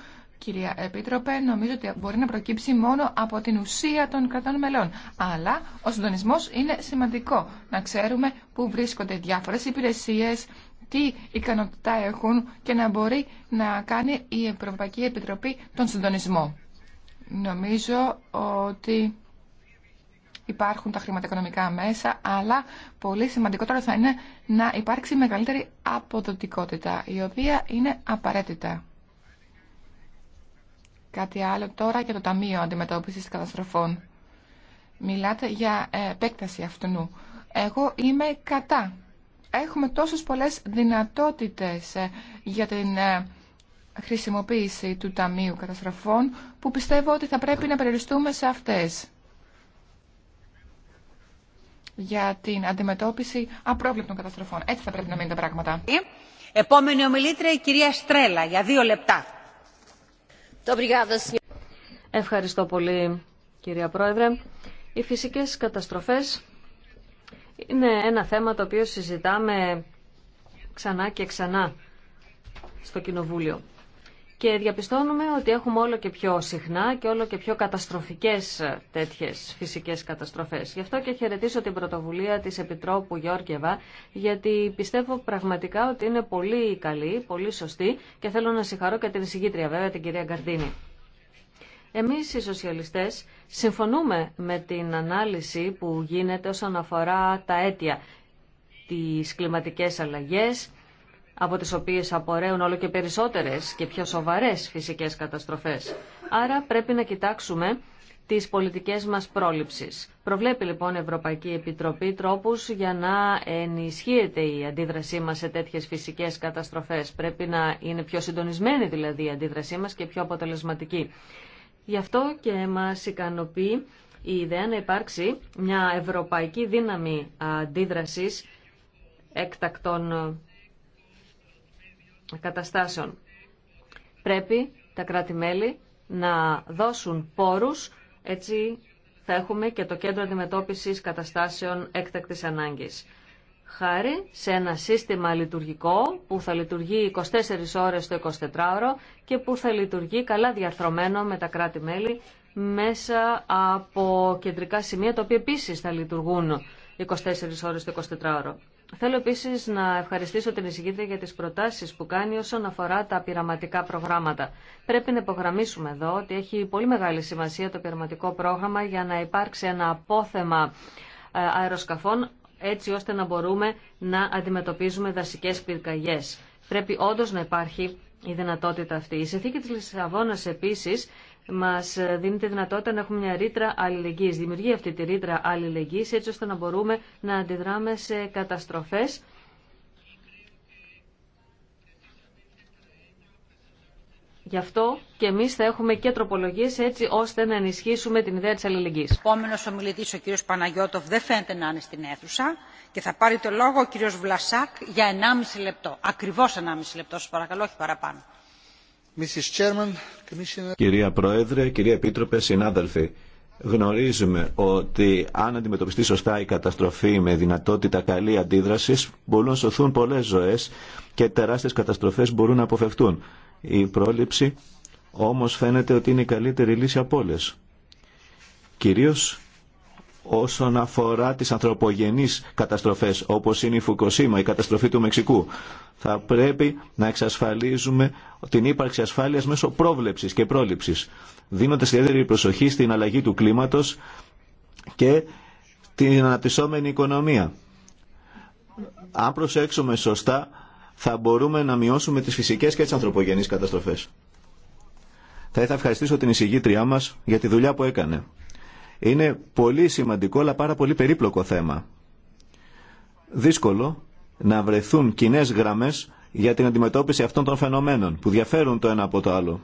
κυρία Επίτροπε, νομίζω ότι μπορεί να προκύψει μόνο από την ουσία των κρατών μελών. Αλλά ο συντονισμό είναι σημαντικό. Να ξέρουμε πού βρίσκονται διάφορε υπηρεσίε, τι ικανότητα έχουν και να μπορεί να κάνει η Ευρωπαϊκή Επιτροπή τον συντονισμό. Νομίζω ότι υπάρχουν τα χρηματοοικονομικά μέσα, αλλά πολύ σημαντικότερο θα είναι να υπάρξει μεγαλύτερη αποδοτικότητα, η οποία είναι απαραίτητα. Κάτι άλλο τώρα για το Ταμείο Αντιμετώπισης Καταστροφών. Μιλάτε για ε, επέκταση αυτού. Εγώ είμαι κατά. Έχουμε τόσες πολλές δυνατότητες ε, για την ε, χρησιμοποίηση του Ταμείου Καταστροφών που πιστεύω ότι θα πρέπει να περιοριστούμε σε αυτές για την αντιμετώπιση απρόβλεπτων καταστροφών. Έτσι θα πρέπει να μείνουν τα πράγματα. Επόμενη ομιλήτρια η κυρία Στρέλα για δύο λεπτά. Ευχαριστώ πολύ, κυρία Πρόεδρε. Οι φυσικές καταστροφές είναι ένα θέμα το οποίο συζητάμε ξανά και ξανά στο Κοινοβούλιο και διαπιστώνουμε ότι έχουμε όλο και πιο συχνά και όλο και πιο καταστροφικές τέτοιες φυσικές καταστροφές. Γι' αυτό και χαιρετήσω την πρωτοβουλία της Επιτρόπου Γιώργεβα, γιατί πιστεύω πραγματικά ότι είναι πολύ καλή, πολύ σωστή και θέλω να συγχαρώ και την συγκίτρια, βέβαια, την κυρία Γκαρδίνη. Εμείς οι σοσιαλιστές συμφωνούμε με την ανάλυση που γίνεται όσον αφορά τα αίτια, τις κλιματικές αλλαγές, από τις οποίες απορρέουν όλο και περισσότερες και πιο σοβαρές φυσικές καταστροφές. Άρα πρέπει να κοιτάξουμε τις πολιτικές μας πρόληψεις. Προβλέπει λοιπόν η Ευρωπαϊκή Επιτροπή τρόπους για να ενισχύεται η αντίδρασή μας σε τέτοιες φυσικές καταστροφές. Πρέπει να είναι πιο συντονισμένη δηλαδή η αντίδρασή μας και πιο αποτελεσματική. Γι' αυτό και μας ικανοποιεί η ιδέα να υπάρξει μια ευρωπαϊκή δύναμη αντίδρασης έκτακτων καταστάσεων. Πρέπει τα κράτη-μέλη να δώσουν πόρους, έτσι θα έχουμε και το Κέντρο Αντιμετώπισης Καταστάσεων Έκτακτης Ανάγκης. Χάρη σε ένα σύστημα λειτουργικό που θα λειτουργεί 24 ώρες το 24ωρο και που θα λειτουργεί καλά διαρθρωμένο με τα κράτη-μέλη μέσα από κεντρικά σημεία, τα οποία επίσης θα λειτουργούν 24 ώρες το 24ωρο. Θέλω επίσης να ευχαριστήσω την εισηγήτρια για τις προτάσεις που κάνει όσον αφορά τα πειραματικά προγράμματα. Πρέπει να υπογραμμίσουμε εδώ ότι έχει πολύ μεγάλη σημασία το πειραματικό πρόγραμμα για να υπάρξει ένα απόθεμα ε, αεροσκαφών έτσι ώστε να μπορούμε να αντιμετωπίζουμε δασικές πυρκαγιές. Πρέπει όντω να υπάρχει η δυνατότητα αυτή. Η συνθήκη τη Λισαβόνα επίση. Μα δίνει τη δυνατότητα να έχουμε μια ρήτρα αλληλεγγύη. Δημιουργεί αυτή τη ρήτρα αλληλεγγύη, έτσι ώστε να μπορούμε να αντιδράμε σε καταστροφέ. Γι' αυτό και εμεί θα έχουμε και τροπολογίε έτσι ώστε να ενισχύσουμε την ιδέα τη αλληλεγγύη. Ο επόμενο ομιλητή, ο κύριο Παναγιώτοφ, δεν φαίνεται να είναι στην αίθουσα και θα πάρει το λόγο ο κύριο Βλασάκ για 1,5 λεπτό. Ακριβώ 1,5 λεπτό, σα παρακαλώ, όχι παραπάνω. Κυρία Πρόεδρε, κυρία Επίτροπε, συνάδελφοι, γνωρίζουμε ότι αν αντιμετωπιστεί σωστά η καταστροφή με δυνατότητα καλή αντίδρασης, μπορούν να σωθούν πολλές ζωές και τεράστιες καταστροφές μπορούν να αποφευχτούν. Η πρόληψη όμως φαίνεται ότι είναι η καλύτερη λύση από όλες. Κυρίως όσον αφορά τις ανθρωπογενείς καταστροφές όπως είναι η Φουκοσίμα, η καταστροφή του Μεξικού. Θα πρέπει να εξασφαλίζουμε την ύπαρξη ασφάλειας μέσω πρόβλεψης και πρόληψης, δίνοντας ιδιαίτερη προσοχή στην αλλαγή του κλίματος και την αναπτυσσόμενη οικονομία. Αν προσέξουμε σωστά, θα μπορούμε να μειώσουμε τις φυσικές και τις ανθρωπογενείς καταστροφές. Θα ήθελα ευχαριστήσω την εισηγήτριά μας για τη δουλειά που έκανε. Είναι πολύ σημαντικό αλλά πάρα πολύ περίπλοκο θέμα. Δύσκολο να βρεθούν κοινέ γραμμές για την αντιμετώπιση αυτών των φαινομένων που διαφέρουν το ένα από το άλλο.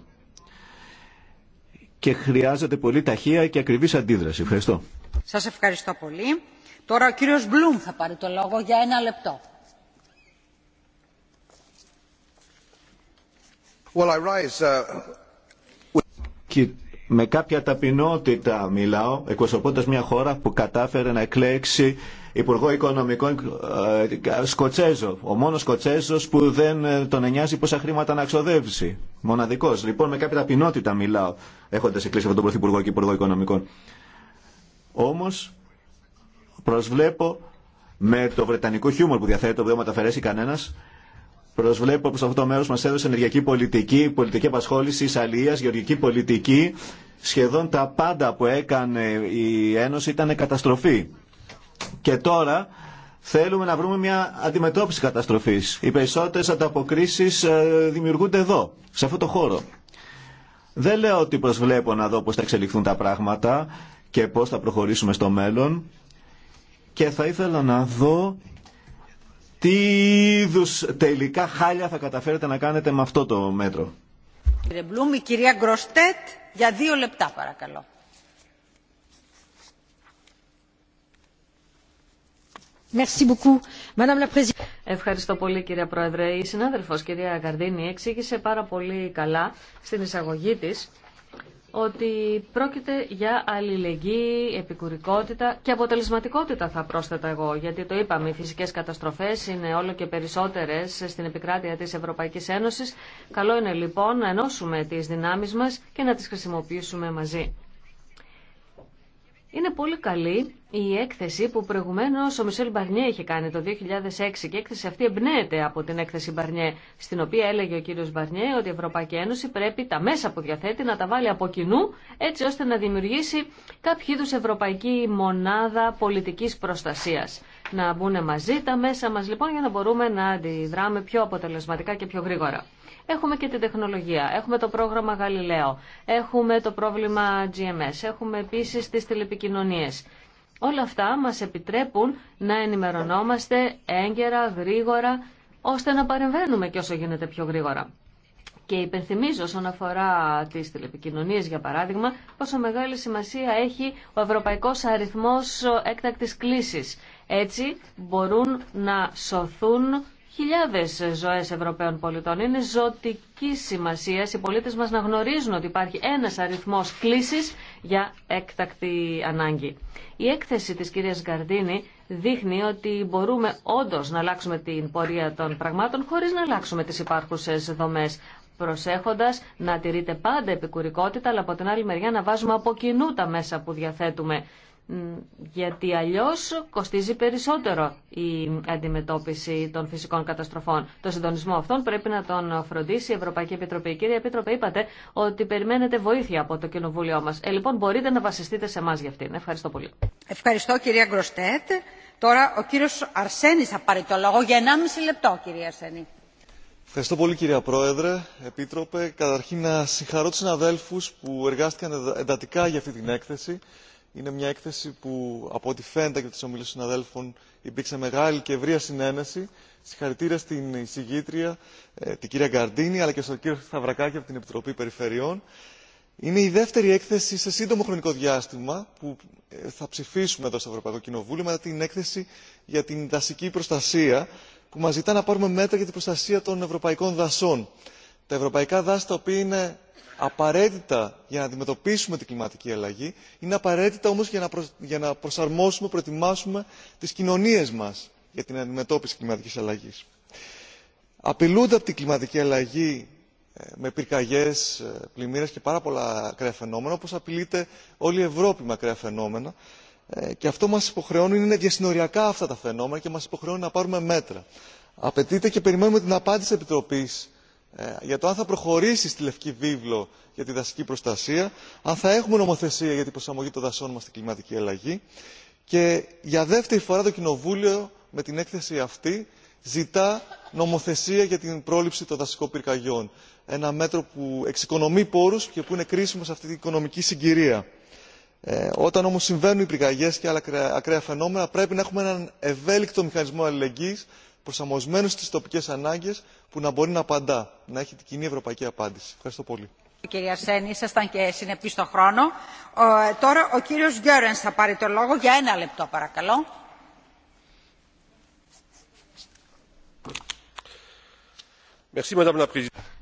Και χρειάζεται πολύ ταχεία και ακριβής αντίδραση. Ευχαριστώ. Σας ευχαριστώ πολύ. Τώρα ο κύριος Μπλουμ θα πάρει το λόγο για ένα λεπτό. Well, I rise, uh, με κάποια ταπεινότητα μιλάω, εκπροσωπώντας μια χώρα που κατάφερε να εκλέξει Υπουργό Οικονομικών ε, Σκοτσέζο. Ο μόνος Σκοτσέζο που δεν ε, τον εννοιάζει πόσα χρήματα να ξοδεύσει. Μοναδικός. Λοιπόν, με κάποια ταπεινότητα μιλάω, έχοντα εκλέξει από τον Πρωθυπουργό και Υπουργό Οικονομικών. Όμως, προσβλέπω με το βρετανικό χιούμορ που διαθέτει το τα μεταφερέσει κανένα, Προσβλέπω πως αυτό το μέρος μας έδωσε ενεργειακή πολιτική, πολιτική απασχόληση, αλληλεία, γεωργική πολιτική. Σχεδόν τα πάντα που έκανε η Ένωση ήταν καταστροφή. Και τώρα θέλουμε να βρούμε μια αντιμετώπιση καταστροφής. Οι περισσότερε ανταποκρίσεις ε, δημιουργούνται εδώ, σε αυτό το χώρο. Δεν λέω ότι προσβλέπω να δω πώ θα εξελιχθούν τα πράγματα και πώς θα προχωρήσουμε στο μέλλον. Και θα ήθελα να δω τι είδου τελικά χάλια θα καταφέρετε να κάνετε με αυτό το μέτρο. Κύριε Μπλουμ, η κυρία Γκροστέτ για δύο λεπτά παρακαλώ. Ευχαριστώ πολύ κυρία Πρόεδρε. Η συνάδελφος κυρία Καρδίνη εξήγησε πάρα πολύ καλά στην εισαγωγή της ότι πρόκειται για αλληλεγγύη, επικουρικότητα και αποτελεσματικότητα θα πρόσθετα εγώ, γιατί το είπαμε, οι φυσικές καταστροφές είναι όλο και περισσότερες στην επικράτεια της Ευρωπαϊκής Ένωσης. Καλό είναι λοιπόν να ενώσουμε τις δυνάμεις μας και να τις χρησιμοποιήσουμε μαζί. Είναι πολύ καλή η έκθεση που προηγουμένω ο Μισελ Μπαρνιέ είχε κάνει το 2006 και η έκθεση αυτή εμπνέεται από την έκθεση Μπαρνιέ, στην οποία έλεγε ο κύριο Μπαρνιέ ότι η Ευρωπαϊκή Ένωση πρέπει τα μέσα που διαθέτει να τα βάλει από κοινού έτσι ώστε να δημιουργήσει κάποιο είδου ευρωπαϊκή μονάδα πολιτική προστασία να μπουν μαζί τα μέσα μας λοιπόν για να μπορούμε να αντιδράμε πιο αποτελεσματικά και πιο γρήγορα. Έχουμε και την τεχνολογία, έχουμε το πρόγραμμα Γαλιλαίο, έχουμε το πρόβλημα GMS, έχουμε επίσης τις τηλεπικοινωνίες. Όλα αυτά μας επιτρέπουν να ενημερωνόμαστε έγκαιρα, γρήγορα, ώστε να παρεμβαίνουμε και όσο γίνεται πιο γρήγορα. Και υπενθυμίζω όσον αφορά τις τηλεπικοινωνίες για παράδειγμα πόσο μεγάλη σημασία έχει ο ευρωπαϊκός αριθμός έκτακτης κλήσης. Έτσι μπορούν να σωθούν χιλιάδες ζωές Ευρωπαίων πολιτών. Είναι ζωτική σημασία οι πολίτες μας να γνωρίζουν ότι υπάρχει ένας αριθμός κλήσης για έκτακτη ανάγκη. Η έκθεση της κυρίας Γκαρδίνη δείχνει ότι μπορούμε όντως να αλλάξουμε την πορεία των πραγμάτων χωρίς να αλλάξουμε τις υπάρχουσες δομές προσέχοντας να τηρείται πάντα επικουρικότητα, αλλά από την άλλη μεριά να βάζουμε από κοινού τα μέσα που διαθέτουμε γιατί αλλιώς κοστίζει περισσότερο η αντιμετώπιση των φυσικών καταστροφών. Το συντονισμό αυτών πρέπει να τον φροντίσει η Ευρωπαϊκή Επιτροπή. Κύριε Επίτροπε, είπατε ότι περιμένετε βοήθεια από το Κοινοβούλιο μας. Ε, λοιπόν, μπορείτε να βασιστείτε σε εμά για αυτήν. Ευχαριστώ πολύ. Ευχαριστώ, κυρία Γκροστέτ. Τώρα ο κύριος Αρσένης θα πάρει το λόγο για 1,5 λεπτό, κύριε Αρσένη. Ευχαριστώ πολύ κυρία Πρόεδρε, Επίτροπε. Καταρχήν να συγχαρώ τους συναδέλφους που εργάστηκαν εντατικά για αυτή την έκθεση είναι μια έκθεση που από ό,τι φαίνεται και από τις ομιλίες των συναδέλφων υπήρξε μεγάλη και ευρία συνένεση. Συγχαρητήρια στην εισηγήτρια, ε, την κυρία Γκαρντίνη, αλλά και στον κύριο Σταυρακάκη από την Επιτροπή Περιφερειών. Είναι η δεύτερη έκθεση σε σύντομο χρονικό διάστημα που ε, θα ψηφίσουμε εδώ στο Ευρωπαϊκό Κοινοβούλιο μετά την έκθεση για την δασική προστασία που μας ζητά να πάρουμε μέτρα για την προστασία των ευρωπαϊκών δασών τα ευρωπαϊκά δάση τα οποία είναι απαραίτητα για να αντιμετωπίσουμε την κλιματική αλλαγή είναι απαραίτητα όμως για να προσαρμόσουμε προετοιμάσουμε τις κοινωνίες μας για την αντιμετώπιση κλιματικής αλλαγής. απειλούνται από την κλιματική αλλαγή ε, με πυρκαγιές ε, πλημμύρες και πάρα πολλά ακραία φαινόμενα όπως απειλείται όλη η ευρώπη με ακραία φαινόμενα ε, και αυτό μας υποχρεώνει είναι διασυνοριακά αυτά τα φαινόμενα και μας υποχρεώνει να πάρουμε μέτρα. απαιτείται και περιμένουμε την απάντηση της επιτροπής ε, για το αν θα προχωρήσει στη λευκή βίβλο για τη δασική προστασία αν θα έχουμε νομοθεσία για την προσαρμογή των δασών μας στην κλιματική αλλαγή και για δεύτερη φορά το κοινοβούλιο με την έκθεση αυτή ζητά νομοθεσία για την πρόληψη των δασικών πυρκαγιών ένα μέτρο που εξοικονομεί πόρους και που είναι κρίσιμο σε αυτή την οικονομική συγκυρία. Ε, όταν όμως συμβαίνουν οι πυρκαγιές και άλλα ακραία φαινόμενα πρέπει να έχουμε έναν ευέλικτο μηχανισμό αλληλεγγύης προσαρμοσμένου στι τοπικέ ανάγκε που να μπορεί να απαντά, να έχει την κοινή ευρωπαϊκή απάντηση. Ευχαριστώ πολύ. Κυρία Σένη, ήσασταν και συνεπή στον χρόνο. Ο, τώρα ο κύριος Γκέρεν θα πάρει το λόγο για ένα λεπτό παρακαλώ.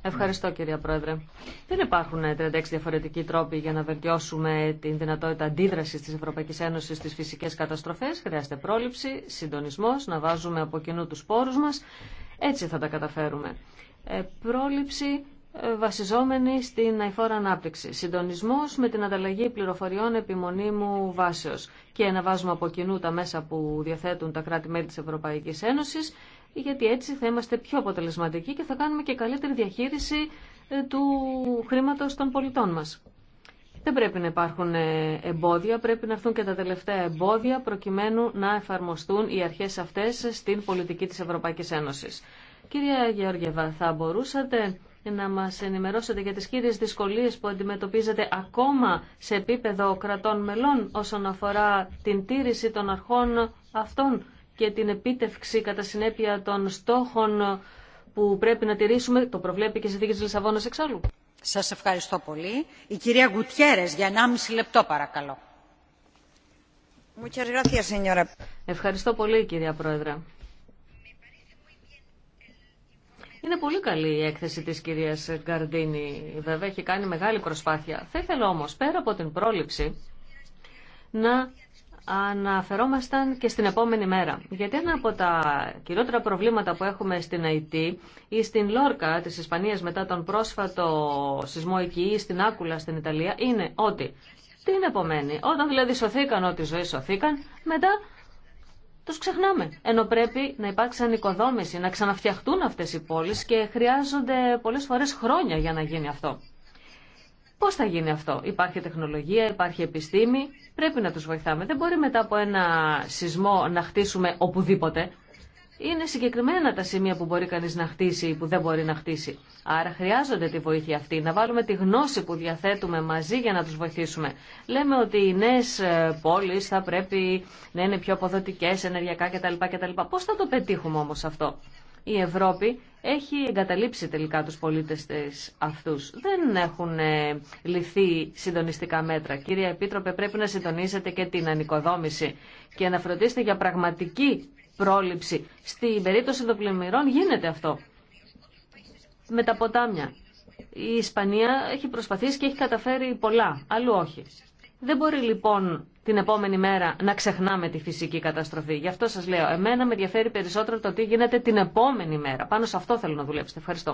Ευχαριστώ κυρία Πρόεδρε. Δεν υπάρχουν 36 διαφορετικοί τρόποι για να βελτιώσουμε την δυνατότητα αντίδραση τη Ευρωπαϊκή Ένωση στι φυσικέ καταστροφέ. Χρειάζεται πρόληψη, συντονισμό, να βάζουμε από κοινού του πόρου μα. Έτσι θα τα καταφέρουμε. Ε, πρόληψη ε, βασιζόμενη στην αηφόρα ανάπτυξη. Συντονισμό με την ανταλλαγή πληροφοριών επιμονήμου βάσεω. Και να βάζουμε από κοινού τα μέσα που διαθέτουν τα κράτη-μέλη τη Ευρωπαϊκή Ένωση γιατί έτσι θα είμαστε πιο αποτελεσματικοί και θα κάνουμε και καλύτερη διαχείριση ε, του χρήματος των πολιτών μας. Δεν πρέπει να υπάρχουν ε, εμπόδια, πρέπει να έρθουν και τα τελευταία εμπόδια προκειμένου να εφαρμοστούν οι αρχές αυτές στην πολιτική της Ευρωπαϊκής Ένωσης. Κυρία Γεωργέβα, θα μπορούσατε να μας ενημερώσετε για τις κύριες δυσκολίες που αντιμετωπίζετε ακόμα σε επίπεδο κρατών μελών όσον αφορά την τήρηση των αρχών αυτών και την επίτευξη κατά συνέπεια των στόχων που πρέπει να τηρήσουμε, το προβλέπει και η συνθήκη της Λισαβόνας εξάλλου. Σας ευχαριστώ πολύ. Η κυρία Γκουτιέρε, για 1,5 λεπτό παρακαλώ. Ευχαριστώ πολύ κυρία Πρόεδρε. Είναι πολύ καλή η έκθεση της κυρίας Γκαρντίνη. Βέβαια έχει κάνει μεγάλη προσπάθεια. Θα ήθελα όμως πέρα από την πρόληψη να αναφερόμασταν και στην επόμενη μέρα. Γιατί ένα από τα κυριότερα προβλήματα που έχουμε στην Αϊτή ή στην Λόρκα της Ισπανίας μετά τον πρόσφατο σεισμό εκεί ή στην Άκουλα στην Ιταλία είναι ότι τι είναι επομένη, όταν δηλαδή σωθήκαν ό,τι ζωή σωθήκαν, μετά τους ξεχνάμε. Ενώ πρέπει να υπάρξει ανοικοδόμηση, να ξαναφτιαχτούν αυτές οι πόλεις και χρειάζονται πολλές φορές χρόνια για να γίνει αυτό. Πώς θα γίνει αυτό. Υπάρχει τεχνολογία, υπάρχει επιστήμη, πρέπει να τους βοηθάμε. Δεν μπορεί μετά από ένα σεισμό να χτίσουμε οπουδήποτε. Είναι συγκεκριμένα τα σημεία που μπορεί κανείς να χτίσει ή που δεν μπορεί να χτίσει. Άρα χρειάζονται τη βοήθεια αυτή, να βάλουμε τη γνώση που διαθέτουμε μαζί για να τους βοηθήσουμε. Λέμε ότι οι νέες ε, πόλεις θα πρέπει να είναι πιο αποδοτικές, ενεργειακά κτλ. κτλ. Πώς θα το πετύχουμε όμως αυτό η Ευρώπη έχει εγκαταλείψει τελικά τους πολίτες της αυτούς. Δεν έχουν ε, λυθεί συντονιστικά μέτρα. Κύριε Επίτροπε, πρέπει να συντονίσετε και την ανοικοδόμηση και να φροντίσετε για πραγματική πρόληψη. Στην περίπτωση των πλημμυρών γίνεται αυτό. Με τα ποτάμια. Η Ισπανία έχει προσπαθήσει και έχει καταφέρει πολλά, αλλού όχι. Δεν μπορεί λοιπόν την επόμενη μέρα να ξεχνάμε τη φυσική καταστροφή. Γι' αυτό σας λέω, εμένα με ενδιαφέρει περισσότερο το τι γίνεται την επόμενη μέρα. Πάνω σε αυτό θέλω να δουλέψετε. Ευχαριστώ.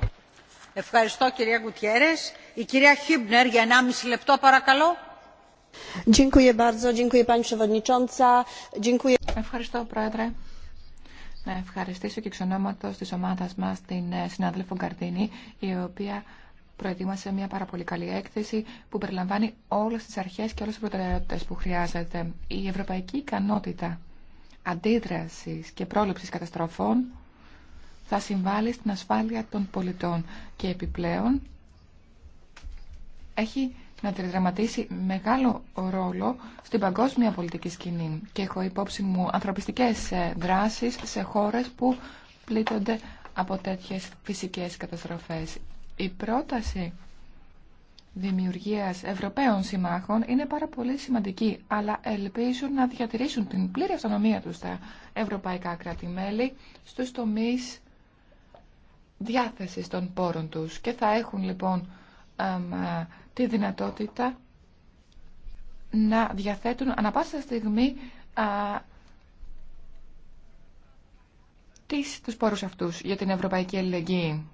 Ευχαριστώ κυρία Κουτιέρες. Η κυρία Χίμπνερ για 1,5 λεπτό παρακαλώ. Ευχαριστώ πρόεδρε. Να ευχαριστήσω και εξ ονόματος της ομάδας μας την ε, συνάδελφο Καρδίνη, η οποία προετοίμασε μια πάρα πολύ καλή έκθεση που περιλαμβάνει όλες τις αρχές και όλες τις προτεραιότητες που χρειάζεται. Η ευρωπαϊκή ικανότητα αντίδραση και πρόληψης καταστροφών θα συμβάλλει στην ασφάλεια των πολιτών και επιπλέον έχει να τριδραματίσει μεγάλο ρόλο στην παγκόσμια πολιτική σκηνή και έχω υπόψη μου ανθρωπιστικές ε, δράσεις σε χώρες που πλήττονται από τέτοιες φυσικές καταστροφές. Η πρόταση δημιουργίας Ευρωπαίων συμμάχων είναι πάρα πολύ σημαντική, αλλά ελπίζουν να διατηρήσουν την πλήρη αυτονομία τους στα ευρωπαϊκά κράτη-μέλη στους τομείς διάθεσης των πόρων τους και θα έχουν λοιπόν ε, τη δυνατότητα να διαθέτουν ανα πάσα στιγμή α, τις, τους πόρους αυτούς για την ευρωπαϊκή ελληνική.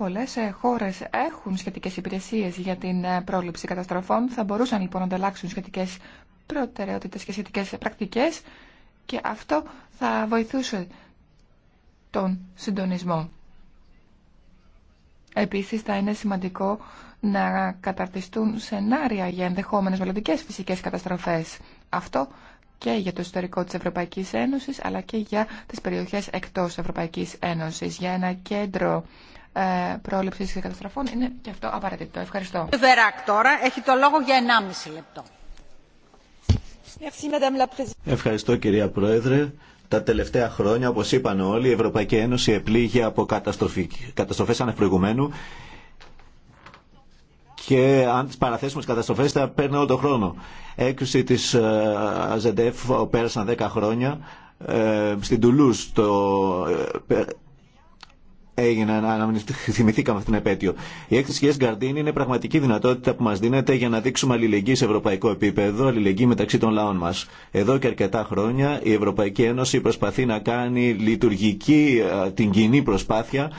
Πολλές ε, χώρες έχουν σχετικές υπηρεσίες για την ε, πρόληψη καταστροφών. Θα μπορούσαν λοιπόν να ανταλλάξουν σχετικές προτεραιότητες και σχετικές πρακτικές και αυτό θα βοηθούσε τον συντονισμό. Επίσης θα είναι σημαντικό να καταρτιστούν σενάρια για ενδεχόμενες μελλοντικέ φυσικές καταστροφές. Αυτό και για το ιστορικό της Ευρωπαϊκής Ένωσης αλλά και για τις περιοχές εκτός Ευρωπαϊκής Ένωσης. Για ένα κέντρο ε, και καταστροφών είναι και αυτό απαραίτητο. Ευχαριστώ. Ε, Βεράκ τώρα έχει το λόγο για 1,5 λεπτό. Ευχαριστώ κυρία Πρόεδρε. Τα τελευταία χρόνια, όπω είπαν όλοι, η Ευρωπαϊκή Ένωση επλήγει από καταστροφέ ανεπροηγουμένου και αν τι παραθέσουμε τι καταστροφές θα παίρνει όλο τον χρόνο. Έκρηση τη ε, ΑΖΕΝΤΕΦ πέρασαν 10 χρόνια στην Τουλούς το έγιναν, θυμηθήκαμε αυτήν την επέτειο. Η έκθεση Yes είναι πραγματική δυνατότητα που μα δίνεται για να δείξουμε αλληλεγγύη σε ευρωπαϊκό επίπεδο, αλληλεγγύη μεταξύ των λαών μα. Εδώ και αρκετά χρόνια η Ευρωπαϊκή Ένωση προσπαθεί να κάνει λειτουργική ε, την κοινή προσπάθεια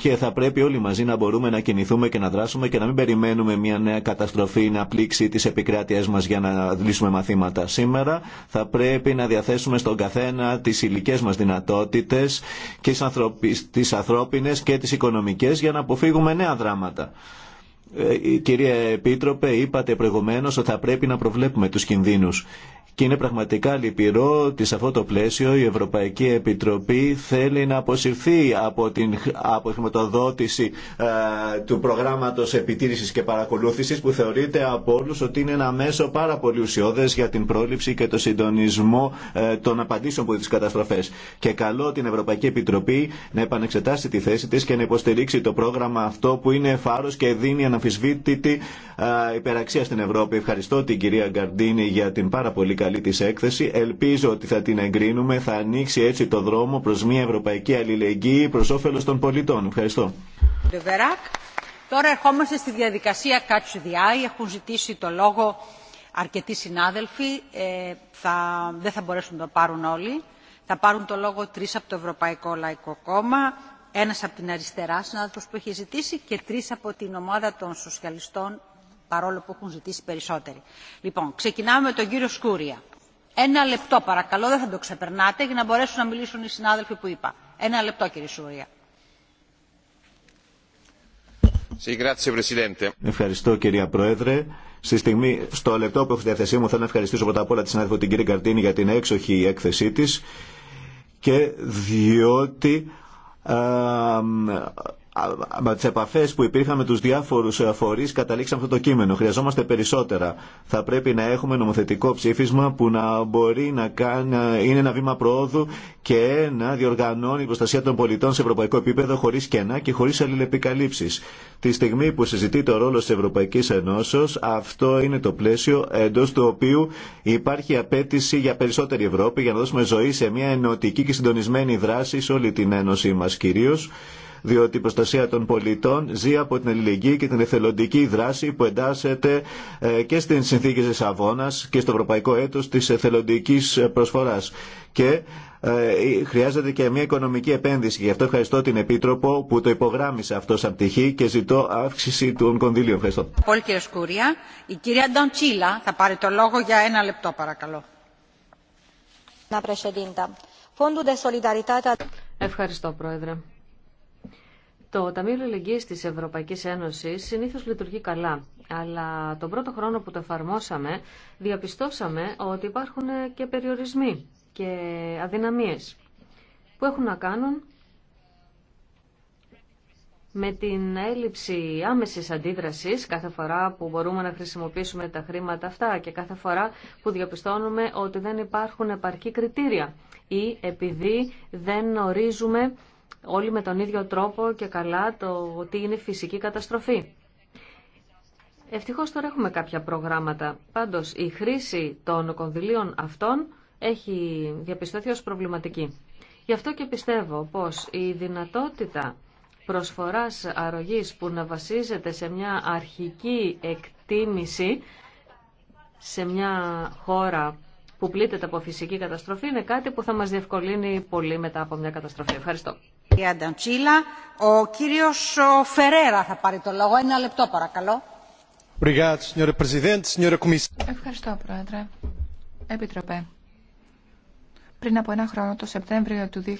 και θα πρέπει όλοι μαζί να μπορούμε να κινηθούμε και να δράσουμε και να μην περιμένουμε μια νέα καταστροφή να πλήξει τις επικράτειές μας για να λύσουμε μαθήματα. Σήμερα θα πρέπει να διαθέσουμε στον καθένα τις υλικέ μας δυνατότητες και τις ανθρώπινες και τις οικονομικές για να αποφύγουμε νέα δράματα. Ε, κυρία Επίτροπε, είπατε προηγουμένω ότι θα πρέπει να προβλέπουμε τους κινδύνους. Και είναι πραγματικά λυπηρό ότι σε αυτό το πλαίσιο η Ευρωπαϊκή Επιτροπή θέλει να αποσυρθεί από την χρηματοδότηση ε, του προγράμματος επιτήρησης και παρακολούθησης που θεωρείται από όλους ότι είναι ένα μέσο πάρα πολύ ουσιώδες για την πρόληψη και το συντονισμό ε, των απαντήσεων που τις καταστροφές. Και καλό την Ευρωπαϊκή Επιτροπή να επανεξετάσει τη θέση της και να υποστηρίξει το πρόγραμμα αυτό που είναι φάρος και δίνει αναμφισβήτητη ε, υπεραξία στην Ευρώπη. Ευχαριστώ την κυρία Γκαρντίνη για την πάρα πολύ καλή καλή έκθεση. Ελπίζω ότι θα την εγκρίνουμε, θα ανοίξει έτσι το δρόμο προς μια ευρωπαϊκή αλληλεγγύη προς όφελος των πολιτών. Ευχαριστώ. Τώρα ερχόμαστε στη διαδικασία Catch the Eye. Έχουν ζητήσει το λόγο αρκετοί συνάδελφοι. Ε, θα, δεν θα μπορέσουν να το πάρουν όλοι. Θα πάρουν το λόγο τρεις από το Ευρωπαϊκό Λαϊκό Κόμμα, ένας από την αριστερά συνάδελφος που έχει ζητήσει και τρεις από την ομάδα των σοσιαλιστών παρόλο που έχουν ζητήσει περισσότεροι. Λοιπόν, ξεκινάμε με τον κύριο Σκούρια. Ένα λεπτό παρακαλώ, δεν θα το ξεπερνάτε για να μπορέσουν να μιλήσουν οι συνάδελφοι που είπα. Ένα λεπτό κύριε Σκούρια. Ευχαριστώ κυρία Πρόεδρε. Στη στιγμή, στο λεπτό που έχω στη διαθεσή μου, θέλω να ευχαριστήσω πρώτα απ' όλα τη συνάδελφο την κυρία Καρτίνη για την έξοχη έκθεσή τη και διότι ε, με τι επαφέ που υπήρχαν με του διάφορου ε, φορεί καταλήξαμε αυτό το κείμενο. Χρειαζόμαστε περισσότερα. Θα πρέπει να έχουμε νομοθετικό ψήφισμα που να μπορεί να κάνει, είναι ένα βήμα προόδου και να διοργανώνει η προστασία των πολιτών σε ευρωπαϊκό επίπεδο χωρί κενά και χωρί αλληλεπικαλύψει. Τη στιγμή που συζητεί το ρόλο τη Ευρωπαϊκή Ενώσεω, αυτό είναι το πλαίσιο εντό του οποίου υπάρχει απέτηση για περισσότερη Ευρώπη για να δώσουμε ζωή σε μια ενωτική και συντονισμένη δράση σε όλη την Ένωσή μα κυρίω διότι η προστασία των πολιτών ζει από την ελληνική και την εθελοντική δράση που εντάσσεται ε, και στην συνθήκη της Αβώνας και στο ευρωπαϊκό έτος της εθελοντικής προσφοράς. Και ε, χρειάζεται και μια οικονομική επένδυση. Γι' αυτό ευχαριστώ την Επίτροπο που το υπογράμμισε αυτό σαν πτυχή και ζητώ αύξηση των κονδύλιων. Ευχαριστώ. Πολύ κύριε Σκούρια. Η κυρία θα πάρει το λόγο για ένα λεπτό παρακαλώ. Ευχαριστώ πρόεδρε. Το Ταμείο Ελληνικής της Ευρωπαϊκής Ένωσης συνήθως λειτουργεί καλά, αλλά τον πρώτο χρόνο που το εφαρμόσαμε διαπιστώσαμε ότι υπάρχουν και περιορισμοί και αδυναμίες που έχουν να κάνουν με την έλλειψη άμεσης αντίδρασης κάθε φορά που μπορούμε να χρησιμοποιήσουμε τα χρήματα αυτά και κάθε φορά που διαπιστώνουμε ότι δεν υπάρχουν επαρκή κριτήρια ή επειδή δεν ορίζουμε όλοι με τον ίδιο τρόπο και καλά το ότι είναι φυσική καταστροφή. Ευτυχώς τώρα έχουμε κάποια προγράμματα. Πάντως η χρήση των κονδυλίων αυτών έχει διαπιστώθει ως προβληματική. Γι' αυτό και πιστεύω πως η δυνατότητα προσφοράς αρρωγής που να βασίζεται σε μια αρχική εκτίμηση σε μια χώρα που πλήττεται από φυσική καταστροφή είναι κάτι που θα μας διευκολύνει πολύ μετά από μια καταστροφή. Ευχαριστώ. Ο κύριος Φερέρα θα πάρει το λόγο. Ένα λεπτό παρακαλώ. Ευχαριστώ, Πρόεδρε. Επιτροπέ. Πριν από ένα χρόνο, το Σεπτέμβριο του 2010,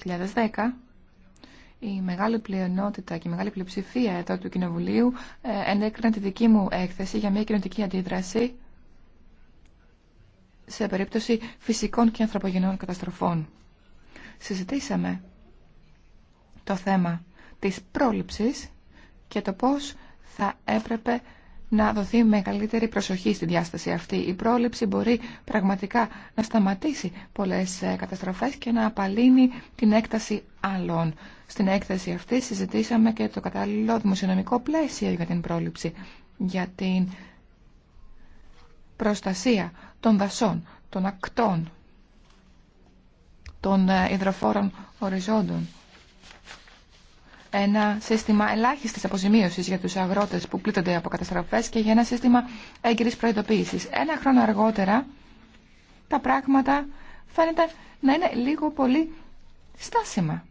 η μεγάλη πλειονότητα και η μεγάλη πλειοψηφία εδώ του Κοινοβουλίου ε, ενέκρινε τη δική μου έκθεση για μια κοινωτική αντίδραση σε περίπτωση φυσικών και ανθρωπογενών καταστροφών. Συζητήσαμε το θέμα της πρόληψης και το πώς θα έπρεπε να δοθεί μεγαλύτερη προσοχή στη διάσταση αυτή. Η πρόληψη μπορεί πραγματικά να σταματήσει πολλές ε, καταστροφές και να απαλύνει την έκταση άλλων. Στην έκθεση αυτή συζητήσαμε και το κατάλληλο δημοσιονομικό πλαίσιο για την πρόληψη, για την προστασία των δασών, των ακτών, των ε, υδροφόρων οριζόντων ένα σύστημα ελάχιστη αποζημίωσης για τους αγρότες που πλήττονται από καταστροφέ και για ένα σύστημα έγκυρης προειδοποίηση. Ένα χρόνο αργότερα τα πράγματα φαίνεται να είναι λίγο πολύ στάσιμα.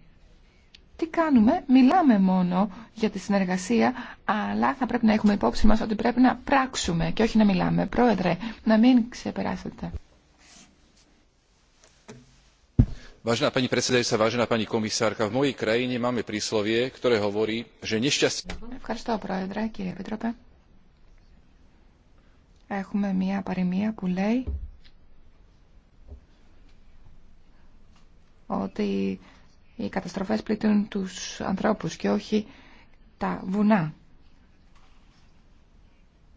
Τι κάνουμε, μιλάμε μόνο για τη συνεργασία, αλλά θα πρέπει να έχουμε υπόψη μας ότι πρέπει να πράξουμε και όχι να μιλάμε. Πρόεδρε, να μην ξεπεράσετε. Ευχαριστώ, Πρόεδρε, κύριε Επίτροπε. Έχουμε μία παροιμία που λέει ότι οι καταστροφές πλήττουν τους ανθρώπους και όχι τα βουνά.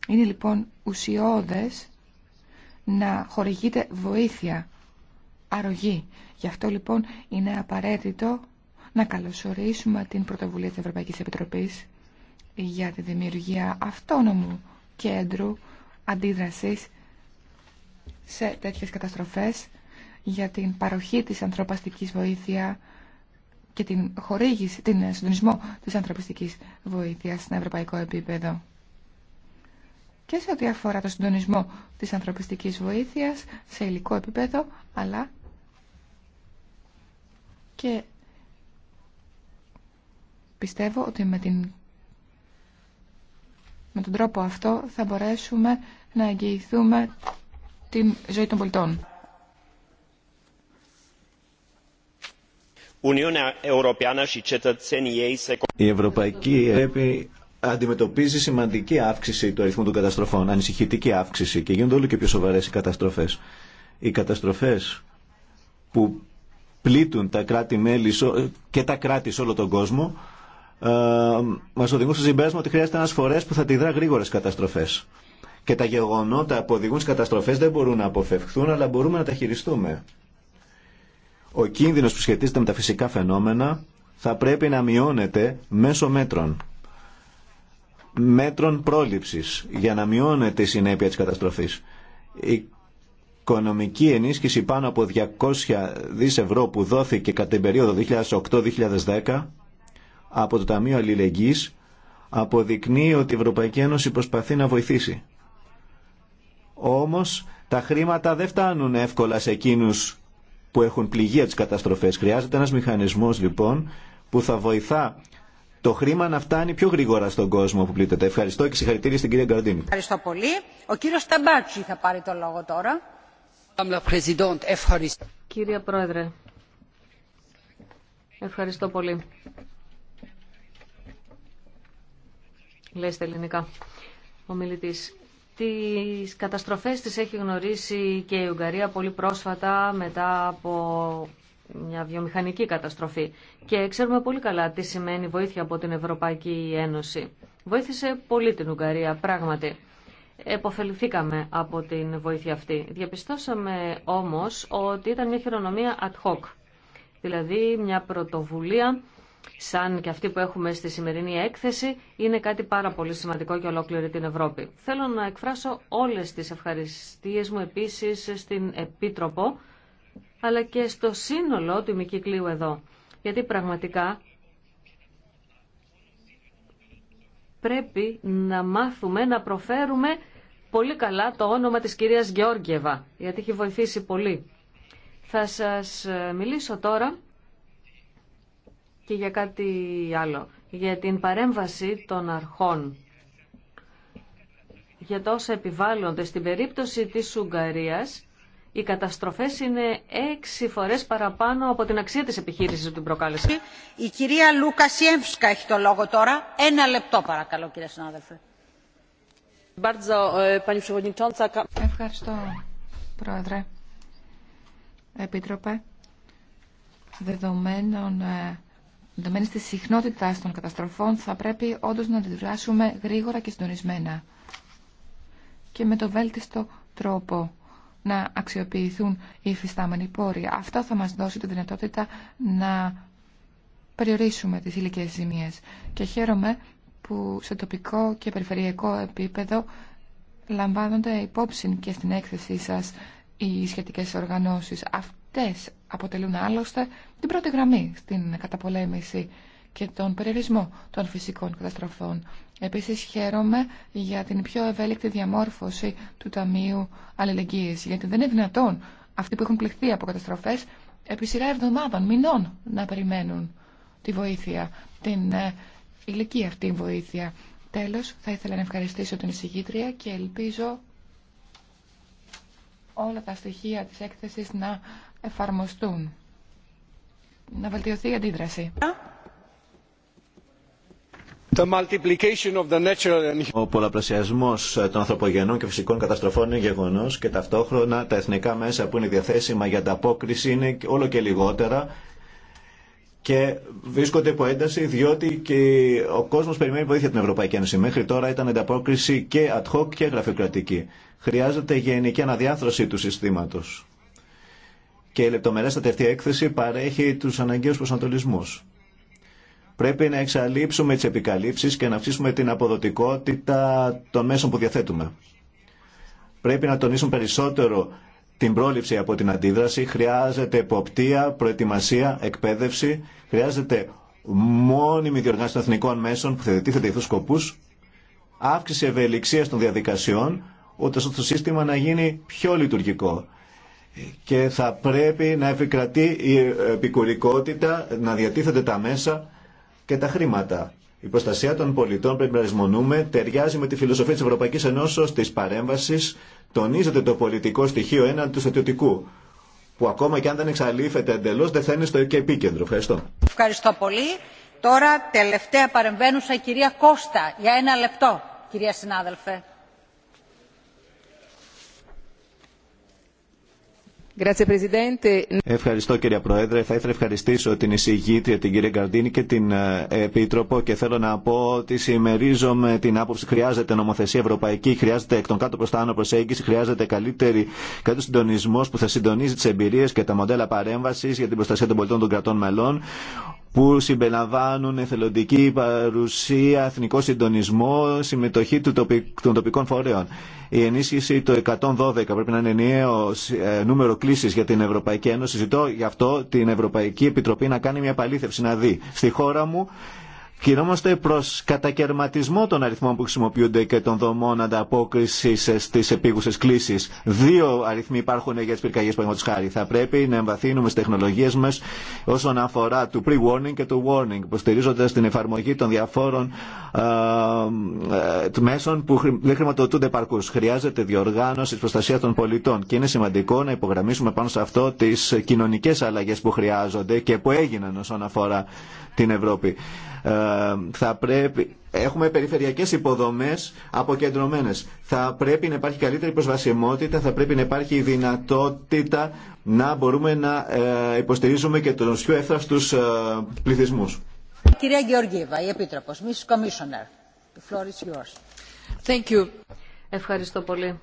Είναι λοιπόν ουσιώδες να χορηγείται βοήθεια αρρωγή. Γι' αυτό λοιπόν είναι απαραίτητο να καλωσορίσουμε την πρωτοβουλία της Ευρωπαϊκής Επιτροπής για τη δημιουργία αυτόνομου κέντρου αντίδρασης σε τέτοιες καταστροφές για την παροχή της ανθρωπαστικής βοήθεια και την χορήγηση, την ε, συντονισμό της ανθρωπιστικής βοήθειας στην ευρωπαϊκό επίπεδο. Και σε ό,τι αφορά το συντονισμό της ανθρωπιστικής βοήθειας σε υλικό επίπεδο, αλλά και πιστεύω ότι με, την... τον τρόπο αυτό θα μπορέσουμε να εγγυηθούμε την ζωή των πολιτών. Η Ευρωπαϊκή Επί αντιμετωπίζει σημαντική αύξηση του αριθμού των καταστροφών, ανησυχητική αύξηση και γίνονται όλο και πιο σοβαρές οι καταστροφές. Οι καταστροφές που πλήττουν τα κράτη-μέλη και τα κράτη σε όλο τον κόσμο, ε, μα οδηγούν στο συμπέρασμα ότι χρειάζεται ένα φορέα που θα τη δρά γρήγορε καταστροφέ. Και τα γεγονότα που οδηγούν στι καταστροφέ δεν μπορούν να αποφευχθούν, αλλά μπορούμε να τα χειριστούμε. Ο κίνδυνο που σχετίζεται με τα φυσικά φαινόμενα θα πρέπει να μειώνεται μέσω μέτρων. Μέτρων πρόληψη, για να μειώνεται η συνέπεια τη καταστροφή οικονομική ενίσχυση πάνω από 200 δις ευρώ που δόθηκε κατά την περίοδο 2008-2010 από το Ταμείο Αλληλεγγύης αποδεικνύει ότι η Ευρωπαϊκή Ένωση προσπαθεί να βοηθήσει. Όμως τα χρήματα δεν φτάνουν εύκολα σε εκείνους που έχουν πληγία τις καταστροφές. Χρειάζεται ένας μηχανισμός λοιπόν που θα βοηθά το χρήμα να φτάνει πιο γρήγορα στον κόσμο που πλήττεται. Ευχαριστώ και συγχαρητήρια στην κυρία Γκαρντίνη. Ευχαριστώ πολύ. Ο κύριος Ταμπάτσι θα πάρει το λόγο τώρα. Κύριε Πρόεδρε, ευχαριστώ πολύ. Λέει στα ελληνικά ο μιλητής. Τις καταστροφές τις έχει γνωρίσει και η Ουγγαρία πολύ πρόσφατα μετά από μια βιομηχανική καταστροφή. Και ξέρουμε πολύ καλά τι σημαίνει βοήθεια από την Ευρωπαϊκή Ένωση. Βοήθησε πολύ την Ουγγαρία, πράγματι εποφεληθήκαμε από την βοήθεια αυτή. Διαπιστώσαμε όμως ότι ήταν μια χειρονομία ad hoc, δηλαδή μια πρωτοβουλία σαν και αυτή που έχουμε στη σημερινή έκθεση, είναι κάτι πάρα πολύ σημαντικό για ολόκληρη την Ευρώπη. Θέλω να εκφράσω όλες τις ευχαριστίες μου επίσης στην Επίτροπο, αλλά και στο σύνολο του ημικυκλίου εδώ. Γιατί πραγματικά πρέπει να μάθουμε να προφέρουμε πολύ καλά το όνομα της κυρίας Γεώργιεβα, γιατί έχει βοηθήσει πολύ. Θα σας ε, μιλήσω τώρα και για κάτι άλλο, για την παρέμβαση των αρχών. Για τόσα επιβάλλονται στην περίπτωση της Ουγγαρίας, οι καταστροφές είναι έξι φορές παραπάνω από την αξία της επιχείρησης που την προκάλεσε. Η κυρία Λούκα Σιέμφσκα έχει το λόγο τώρα. Ένα λεπτό παρακαλώ κύριε συνάδελφε. Ε, Ευχαριστώ πρόεδρε. Επίτροπε, δεδομένων ε, δεδομένη τη συχνότητα των καταστροφών, θα πρέπει όντω να αντιδράσουμε γρήγορα και συντονισμένα και με το βέλτιστο τρόπο να αξιοποιηθούν οι υφιστάμενοι πόροι. Αυτό θα μας δώσει τη δυνατότητα να περιορίσουμε τις ίλικές ζημίες. Και χαίρομαι που σε τοπικό και περιφερειακό επίπεδο λαμβάνονται υπόψη και στην έκθεσή σας οι σχετικές οργανώσεις. Αυτές αποτελούν άλλωστε την πρώτη γραμμή στην καταπολέμηση και τον περιορισμό των φυσικών καταστροφών. Επίσης χαίρομαι για την πιο ευέλικτη διαμόρφωση του Ταμείου Αλληλεγγύης, γιατί δεν είναι δυνατόν αυτοί που έχουν πληχθεί από καταστροφές επί σειρά εβδομάδων, μηνών να περιμένουν τη βοήθεια, την ε, ηλικία αυτή βοήθεια. Τέλος, θα ήθελα να ευχαριστήσω την εισηγήτρια και ελπίζω όλα τα στοιχεία της έκθεσης να εφαρμοστούν, να βελτιωθεί η αντίδραση. Ο πολλαπλασιασμός των ανθρωπογενών και φυσικών καταστροφών είναι γεγονό και ταυτόχρονα τα εθνικά μέσα που είναι διαθέσιμα για ανταπόκριση είναι όλο και λιγότερα και βρίσκονται υπό ένταση διότι ο κόσμος περιμένει βοήθεια την Ευρωπαϊκή Ένωση. Μέχρι τώρα ήταν ανταπόκριση και ad hoc και γραφειοκρατική. Χρειάζεται γενική αναδιάθρωση του συστήματος. Και η λεπτομερέστατη αυτή έκθεση παρέχει του αναγκαίου προσανατολισμούς. Πρέπει να εξαλείψουμε τις επικαλύψεις και να αυξήσουμε την αποδοτικότητα των μέσων που διαθέτουμε. Πρέπει να τονίσουμε περισσότερο την πρόληψη από την αντίδραση. Χρειάζεται εποπτεία, προετοιμασία, εκπαίδευση. Χρειάζεται μόνιμη διοργάνωση των εθνικών μέσων που θα διατίθεται για σκοπούς. Αύξηση ευελιξίας των διαδικασιών, ώστε το σύστημα να γίνει πιο λειτουργικό και θα πρέπει να επικρατεί η επικουρικότητα, να διατίθεται τα μέσα και τα χρήματα. Η προστασία των πολιτών πρέπει να ταιριάζει με τη φιλοσοφία της Ευρωπαϊκής Ενώσεως της παρέμβασης, τονίζεται το πολιτικό στοιχείο έναν του στρατιωτικού, που ακόμα και αν δεν εξαλείφεται εντελώς δεν θα είναι στο και επίκεντρο. Ευχαριστώ. Ευχαριστώ πολύ. Τώρα τελευταία παρεμβαίνουσα η κυρία Κώστα για ένα λεπτό, κυρία συνάδελφε. Ευχαριστώ κύριε Πρόεδρε. Θα ήθελα να ευχαριστήσω την εισηγήτρια, την κυρία Γκαρντίνη και την ε, Επίτροπο και θέλω να πω ότι συμμερίζομαι την άποψη χρειάζεται νομοθεσία ευρωπαϊκή, χρειάζεται εκ των κάτω προ τα άνω προσέγγιση, χρειάζεται καλύτερη, καλύτερο συντονισμό που θα συντονίζει τι εμπειρίε και τα μοντέλα παρέμβαση για την προστασία των πολιτών των κρατών μελών που συμπεριλαμβάνουν εθελοντική παρουσία, εθνικό συντονισμό, συμμετοχή των τοπικών φορέων. Η ενίσχυση του 112 πρέπει να είναι ενιαίο ε, νούμερο κλήση για την Ευρωπαϊκή Ένωση. Ζητώ γι' αυτό την Ευρωπαϊκή Επιτροπή να κάνει μια παλήθευση, να δει στη χώρα μου Κινόμαστε προ κατακαιρματισμό των αριθμών που χρησιμοποιούνται και των δομών ανταπόκριση στι επίγουσες κλήσει. Δύο αριθμοί υπάρχουν για τι πυρκαγιέ, παραδείγματο χάρη. Θα πρέπει να εμβαθύνουμε στις τεχνολογίε μα όσον αφορά το pre-warning και το warning, υποστηρίζοντα την εφαρμογή των διαφόρων ε, μέσων που δεν χρηματοδοτούνται παρκούς. Χρειάζεται διοργάνωση προστασία των πολιτών και είναι σημαντικό να υπογραμμίσουμε πάνω σε αυτό τι κοινωνικέ αλλαγέ που χρειάζονται και που έγιναν όσον αφορά την Ευρώπη. Ε, ε, θα πρέπει, έχουμε περιφερειακές υποδομές αποκεντρωμένες. Θα πρέπει να υπάρχει καλύτερη προσβασιμότητα, θα πρέπει να υπάρχει η δυνατότητα να μπορούμε να ε, υποστηρίζουμε και τους πιο εύθραστους ε, πληθυσμούς. Κυρία Επίτροπος, Mrs. Commissioner, the floor is yours. Thank you. Ευχαριστώ πολύ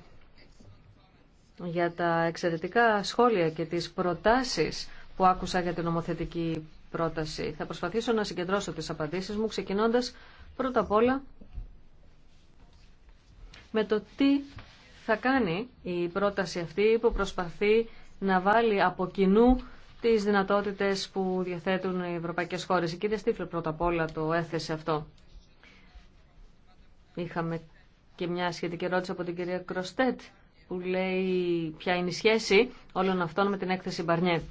για τα εξαιρετικά σχόλια και τις προτάσεις που άκουσα για την νομοθετική πρόταση. Θα προσπαθήσω να συγκεντρώσω τις απαντήσεις μου ξεκινώντας πρώτα απ' όλα με το τι θα κάνει η πρόταση αυτή που προσπαθεί να βάλει από κοινού τις δυνατότητες που διαθέτουν οι ευρωπαϊκές χώρες. Η κυρία Στίφλε πρώτα απ' όλα το έθεσε αυτό. Είχαμε και μια σχετική ερώτηση από την κυρία Κροστέτ που λέει ποια είναι η σχέση όλων αυτών με την έκθεση Μπαρνιέ.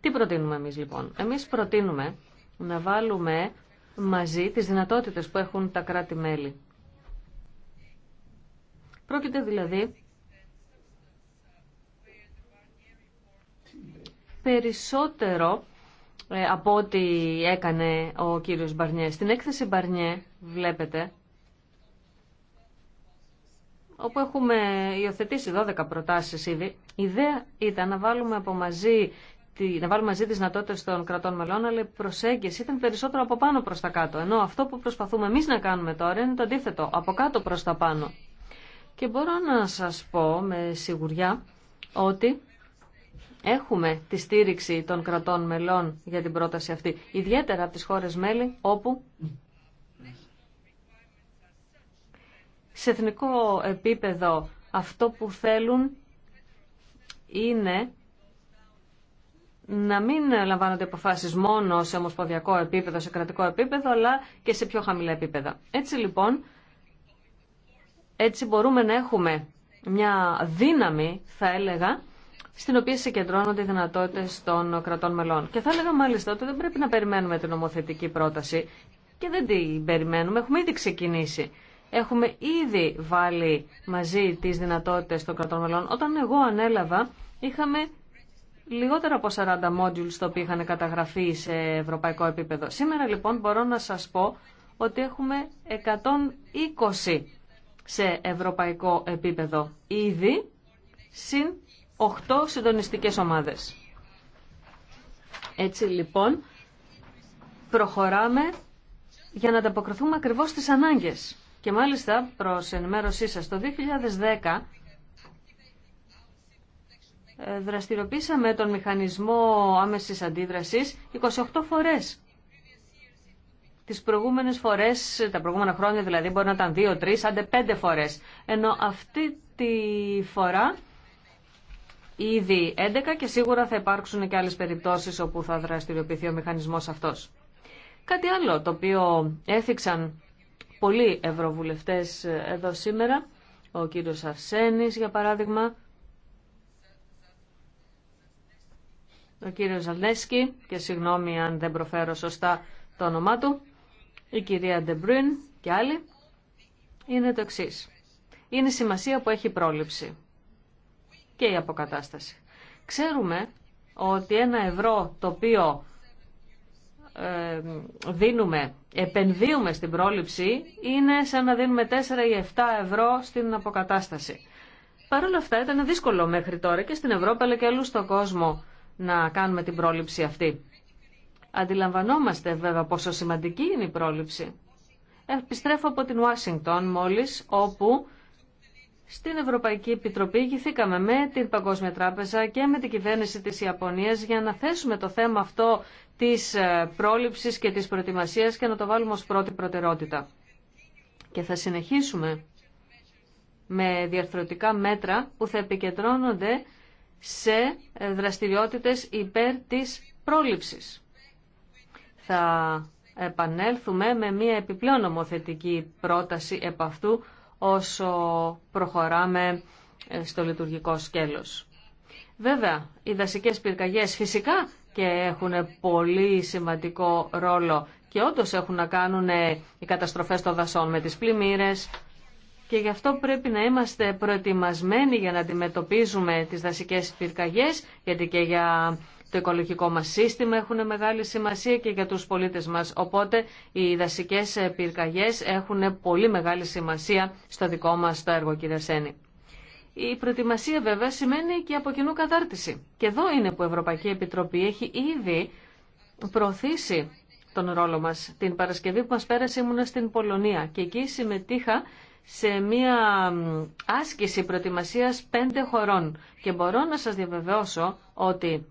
Τι προτείνουμε εμείς λοιπόν. Εμείς προτείνουμε να βάλουμε μαζί τις δυνατότητες που έχουν τα κράτη-μέλη. Πρόκειται δηλαδή περισσότερο ε, από ό,τι έκανε ο κύριος Μπαρνιέ. Στην έκθεση Μπαρνιέ βλέπετε όπου έχουμε υιοθετήσει 12 προτάσεις ήδη, η ιδέα ήταν να βάλουμε από μαζί να βάλουμε μαζί τι δυνατότητε των κρατών μελών, αλλά η προσέγγιση ήταν περισσότερο από πάνω προ τα κάτω. Ενώ αυτό που προσπαθούμε εμεί να κάνουμε τώρα είναι το αντίθετο, από κάτω προ τα πάνω. Και μπορώ να σα πω με σιγουριά ότι έχουμε τη στήριξη των κρατών μελών για την πρόταση αυτή, ιδιαίτερα από τι χώρε μέλη όπου. Σε εθνικό επίπεδο αυτό που θέλουν είναι να μην λαμβάνονται αποφάσεις μόνο σε ομοσπονδιακό επίπεδο, σε κρατικό επίπεδο, αλλά και σε πιο χαμηλά επίπεδα. Έτσι λοιπόν, έτσι μπορούμε να έχουμε μια δύναμη, θα έλεγα, στην οποία συγκεντρώνονται οι δυνατότητε των κρατών μελών. Και θα έλεγα μάλιστα ότι δεν πρέπει να περιμένουμε την νομοθετική πρόταση και δεν την περιμένουμε, έχουμε ήδη ξεκινήσει. Έχουμε ήδη βάλει μαζί τις δυνατότητες των κρατών μελών. Όταν εγώ ανέλαβα, είχαμε λιγότερο από 40 modules το οποίο είχαν καταγραφεί σε ευρωπαϊκό επίπεδο. Σήμερα λοιπόν μπορώ να σας πω ότι έχουμε 120 σε ευρωπαϊκό επίπεδο ήδη, συν 8 συντονιστικές ομάδες. Έτσι λοιπόν προχωράμε για να ανταποκριθούμε ακριβώς στις ανάγκες. Και μάλιστα προς ενημέρωσή σας, το 2010 δραστηριοποίησαμε τον μηχανισμό άμεσης αντίδρασης 28 φορές. Τις προηγούμενες φορές, τα προηγούμενα χρόνια δηλαδή μπορεί να ήταν 2, 3, άντε 5 φορές. Ενώ αυτή τη φορά ήδη 11 και σίγουρα θα υπάρξουν και άλλες περιπτώσεις όπου θα δραστηριοποιηθεί ο μηχανισμός αυτός. Κάτι άλλο το οποίο έθιξαν πολλοί ευρωβουλευτές εδώ σήμερα, ο κύριος Αρσένης για παράδειγμα, ο κύριος Ζαλνέσκι και συγγνώμη αν δεν προφέρω σωστά το όνομά του, η κυρία Ντεμπριν και άλλοι, είναι το εξή. Είναι η σημασία που έχει πρόληψη και η αποκατάσταση. Ξέρουμε ότι ένα ευρώ το οποίο ε, δίνουμε, επενδύουμε στην πρόληψη, είναι σαν να δίνουμε 4 ή 7 ευρώ στην αποκατάσταση. Παρ' όλα αυτά ήταν δύσκολο μέχρι τώρα και στην Ευρώπη αλλά και αλλού στον κόσμο να κάνουμε την πρόληψη αυτή. Αντιλαμβανόμαστε βέβαια πόσο σημαντική είναι η πρόληψη. Επιστρέφω από την Ουάσιγκτον μόλις, όπου στην Ευρωπαϊκή Επιτροπή ηγηθήκαμε με την Παγκόσμια Τράπεζα και με την κυβέρνηση της Ιαπωνίας για να θέσουμε το θέμα αυτό της ε, πρόληψης και της προετοιμασίας και να το βάλουμε ως πρώτη προτεραιότητα. Και θα συνεχίσουμε με διαρθρωτικά μέτρα που θα επικεντρώνονται σε ε, δραστηριότητες υπέρ της πρόληψης. Θα επανέλθουμε με μια επιπλέον νομοθετική πρόταση επ' αυτού όσο προχωράμε ε, στο λειτουργικό σκέλος. Βέβαια, οι δασικές πυρκαγιές φυσικά και έχουν πολύ σημαντικό ρόλο και όντως έχουν να κάνουν ε, οι καταστροφές των δασών με τις πλημμύρες, και γι' αυτό πρέπει να είμαστε προετοιμασμένοι για να αντιμετωπίζουμε τις δασικές πυρκαγιές, γιατί και για το οικολογικό μας σύστημα έχουν μεγάλη σημασία και για τους πολίτες μας. Οπότε οι δασικές πυρκαγιές έχουν πολύ μεγάλη σημασία στο δικό μας το έργο, κύριε Σένη. Η προετοιμασία βέβαια σημαίνει και από κοινού κατάρτιση. Και εδώ είναι που η Ευρωπαϊκή Επιτροπή έχει ήδη προωθήσει τον ρόλο μας. Την Παρασκευή που μας πέρασε ήμουν στην Πολωνία και εκεί συμμετείχα σε μία άσκηση προετοιμασίας πέντε χωρών. Και μπορώ να σας διαβεβαιώσω ότι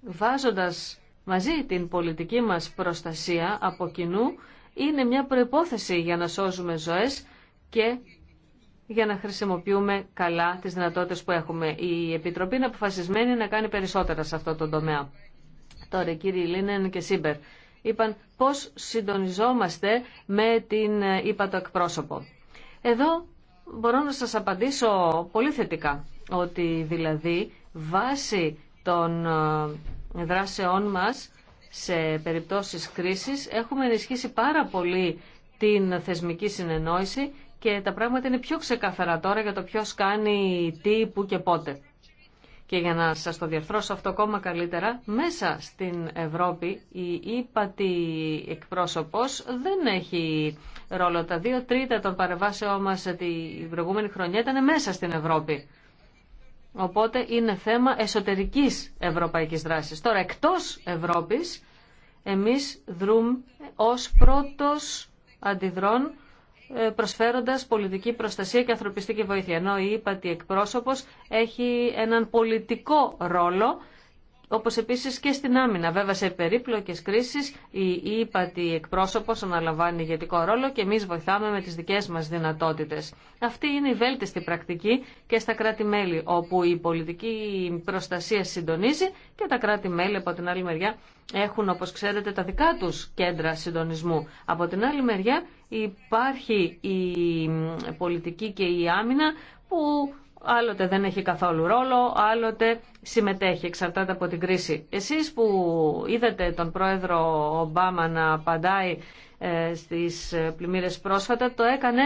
βάζοντας μαζί την πολιτική μας προστασία από κοινού είναι μια προϋπόθεση για να σώζουμε ζωές και για να χρησιμοποιούμε καλά τις δυνατότητες που έχουμε. Η Επιτροπή είναι αποφασισμένη να κάνει περισσότερα σε αυτό το τομέα. Τώρα, κύριοι Λίνεν και Σίμπερ, είπαν πώς συντονιζόμαστε με την το εκπρόσωπο. Εδώ μπορώ να σας απαντήσω πολύ θετικά, ότι δηλαδή βάσει των ε, δράσεών μας σε περιπτώσεις κρίσης έχουμε ενισχύσει πάρα πολύ την θεσμική συνεννόηση και τα πράγματα είναι πιο ξεκαθαρά τώρα για το ποιος κάνει τι, που και πότε. Και για να σας το διαρθρώσω αυτό ακόμα καλύτερα, μέσα στην Ευρώπη η ύπατη εκπρόσωπος δεν έχει ρόλο. Τα δύο τρίτα των παρεμβάσεών μας την προηγούμενη χρονιά ήταν μέσα στην Ευρώπη. Οπότε είναι θέμα εσωτερικής ευρωπαϊκής δράσης. Τώρα εκτός Ευρώπης εμείς δρούμε ως πρώτος αντιδρών ε, προσφέροντας πολιτική προστασία και ανθρωπιστική βοήθεια. Ενώ η ύπατη εκπρόσωπος έχει έναν πολιτικό ρόλο όπως επίση και στην άμυνα. Βέβαια σε περίπλοκες κρίσεις η ύπατη εκπρόσωπος αναλαμβάνει ηγετικό ρόλο και εμεί βοηθάμε με τις δικές μας δυνατότητες. Αυτή είναι η βέλτιστη πρακτική και στα κράτη-μέλη όπου η πολιτική προστασία συντονίζει και τα κράτη-μέλη από την άλλη μεριά έχουν όπως ξέρετε τα δικά του κέντρα συντονισμού. Από την άλλη μεριά υπάρχει η πολιτική και η άμυνα που άλλοτε δεν έχει καθόλου ρόλο, άλλοτε συμμετέχει, εξαρτάται από την κρίση. Εσείς που είδατε τον πρόεδρο Ομπάμα να απαντάει ε, στις ε, πλημμύρες πρόσφατα, το έκανε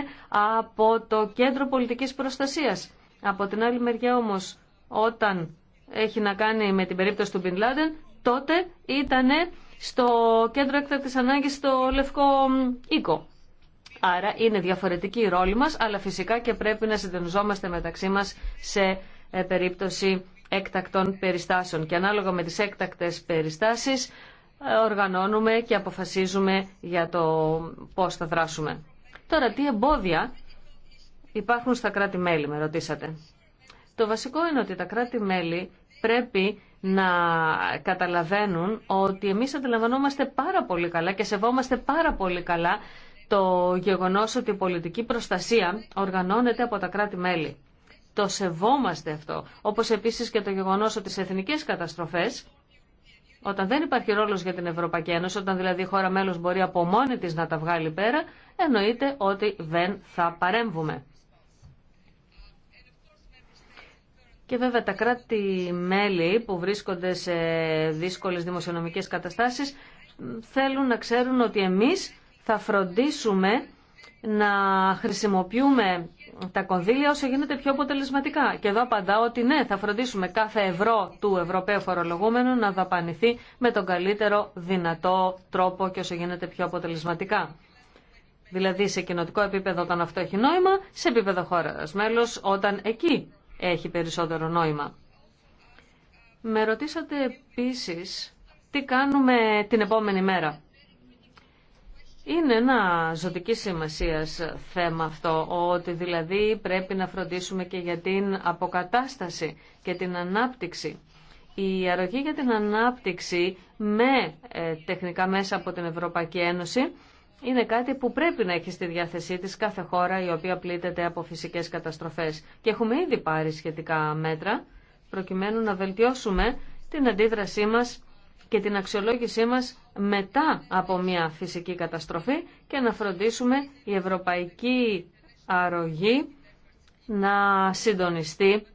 από το Κέντρο Πολιτικής Προστασίας. Από την άλλη μεριά όμως, όταν έχει να κάνει με την περίπτωση του Μπιν Λάντεν, τότε ήτανε στο Κέντρο Έκτακτης Ανάγκης στο Λευκό Οίκο. Άρα είναι διαφορετική η ρόλη μας, αλλά φυσικά και πρέπει να συντονιζόμαστε μεταξύ μας σε ε, περίπτωση έκτακτων περιστάσεων. Και ανάλογα με τις έκτακτες περιστάσεις ε, οργανώνουμε και αποφασίζουμε για το πώς θα δράσουμε. Τώρα, τι εμπόδια υπάρχουν στα κράτη-μέλη, με ρωτήσατε. Το βασικό είναι ότι τα κράτη-μέλη πρέπει να καταλαβαίνουν ότι εμείς αντιλαμβανόμαστε πάρα πολύ καλά και σεβόμαστε πάρα πολύ καλά το γεγονός ότι η πολιτική προστασία οργανώνεται από τα κράτη-μέλη. Το σεβόμαστε αυτό, όπως επίσης και το γεγονός ότι σε εθνικές καταστροφές, όταν δεν υπάρχει ρόλος για την Ευρωπαϊκή Ένωση, όταν δηλαδή η χώρα μέλος μπορεί από μόνη της να τα βγάλει πέρα, εννοείται ότι δεν θα παρέμβουμε. Και βέβαια τα κράτη-μέλη που βρίσκονται σε δύσκολες δημοσιονομικές καταστάσεις θέλουν να ξέρουν ότι εμείς θα φροντίσουμε να χρησιμοποιούμε τα κονδύλια όσο γίνεται πιο αποτελεσματικά. Και εδώ απαντάω ότι ναι, θα φροντίσουμε κάθε ευρώ του Ευρωπαίου φορολογούμενου να δαπανηθεί με τον καλύτερο δυνατό τρόπο και όσο γίνεται πιο αποτελεσματικά. Δηλαδή σε κοινοτικό επίπεδο όταν αυτό έχει νόημα, σε επίπεδο χώρας. μέλος όταν εκεί έχει περισσότερο νόημα. Με ρωτήσατε επίσης τι κάνουμε την επόμενη μέρα. Είναι ένα ζωτική σημασία θέμα αυτό, ότι δηλαδή πρέπει να φροντίσουμε και για την αποκατάσταση και την ανάπτυξη. Η αρρωγή για την ανάπτυξη με ε, τεχνικά μέσα από την Ευρωπαϊκή Ένωση είναι κάτι που πρέπει να έχει στη διάθεσή της κάθε χώρα η οποία πλήττεται από φυσικές καταστροφές. Και έχουμε ήδη πάρει σχετικά μέτρα προκειμένου να βελτιώσουμε την αντίδρασή μας και την αξιολόγησή μας μετά από μια φυσική καταστροφή και να φροντίσουμε η ευρωπαϊκή αρρωγή να συντονιστεί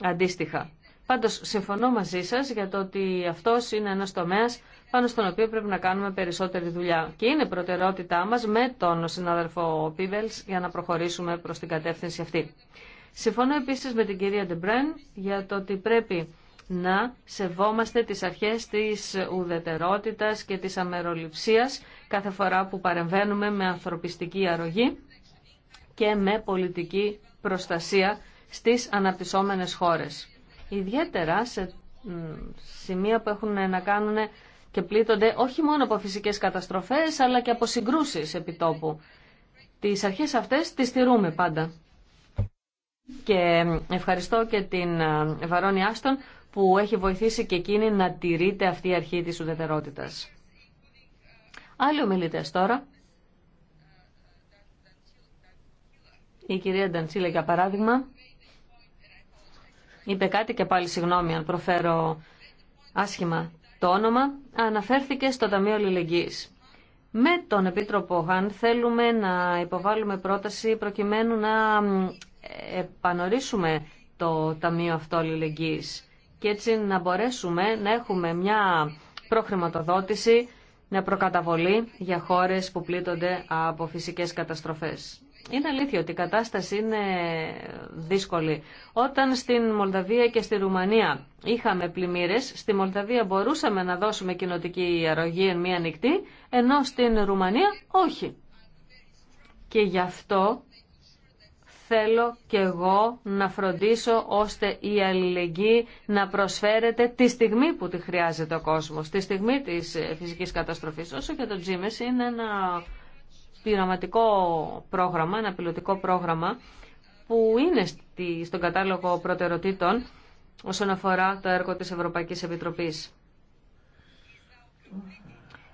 αντίστοιχα. Πάντως, συμφωνώ μαζί σας για το ότι αυτός είναι ένας τομέας πάνω στον οποίο πρέπει να κάνουμε περισσότερη δουλειά. Και είναι προτεραιότητά μας με τον συνάδελφο Πίβελς για να προχωρήσουμε προς την κατεύθυνση αυτή. Συμφωνώ επίσης με την κυρία Ντεμπρέν για το ότι πρέπει να σεβόμαστε τις αρχές της ουδετερότητας και της αμεροληψίας κάθε φορά που παρεμβαίνουμε με ανθρωπιστική αρρωγή και με πολιτική προστασία στις αναπτυσσόμενες χώρες. Ιδιαίτερα σε σημεία που έχουν να κάνουν και πλήττονται όχι μόνο από φυσικές καταστροφές αλλά και από συγκρούσεις επιτόπου. Τις αρχές αυτές τις στηρούμε πάντα. Και ευχαριστώ και την ε, Βαρόνι Άστον που έχει βοηθήσει και εκείνη να τηρείται αυτή η αρχή της ουδετερότητας. Άλλοι ομιλητέ τώρα. Η κυρία Νταντσίλα, για παράδειγμα, είπε κάτι και πάλι συγγνώμη αν προφέρω άσχημα το όνομα, αναφέρθηκε στο Ταμείο Λιλεγγύης. Με τον Επίτροπο Χάν θέλουμε να υποβάλουμε πρόταση προκειμένου να επανορίσουμε το Ταμείο αυτό και έτσι να μπορέσουμε να έχουμε μια προχρηματοδότηση, μια προκαταβολή για χώρες που πλήττονται από φυσικές καταστροφές. Είναι αλήθεια ότι η κατάσταση είναι δύσκολη. Όταν στην Μολδαβία και στη Ρουμανία είχαμε πλημμύρες, στη Μολδαβία μπορούσαμε να δώσουμε κοινοτική αρρωγή εν μία νυχτή, ενώ στην Ρουμανία όχι. Και γι' αυτό θέλω και εγώ να φροντίσω ώστε η αλληλεγγύη να προσφέρεται τη στιγμή που τη χρειάζεται ο κόσμος, τη στιγμή της φυσικής καταστροφής. Όσο και το Τζίμες είναι ένα πειραματικό πρόγραμμα, ένα πιλωτικό πρόγραμμα που είναι στον κατάλογο προτεραιοτήτων όσον αφορά το έργο της Ευρωπαϊκής Επιτροπής.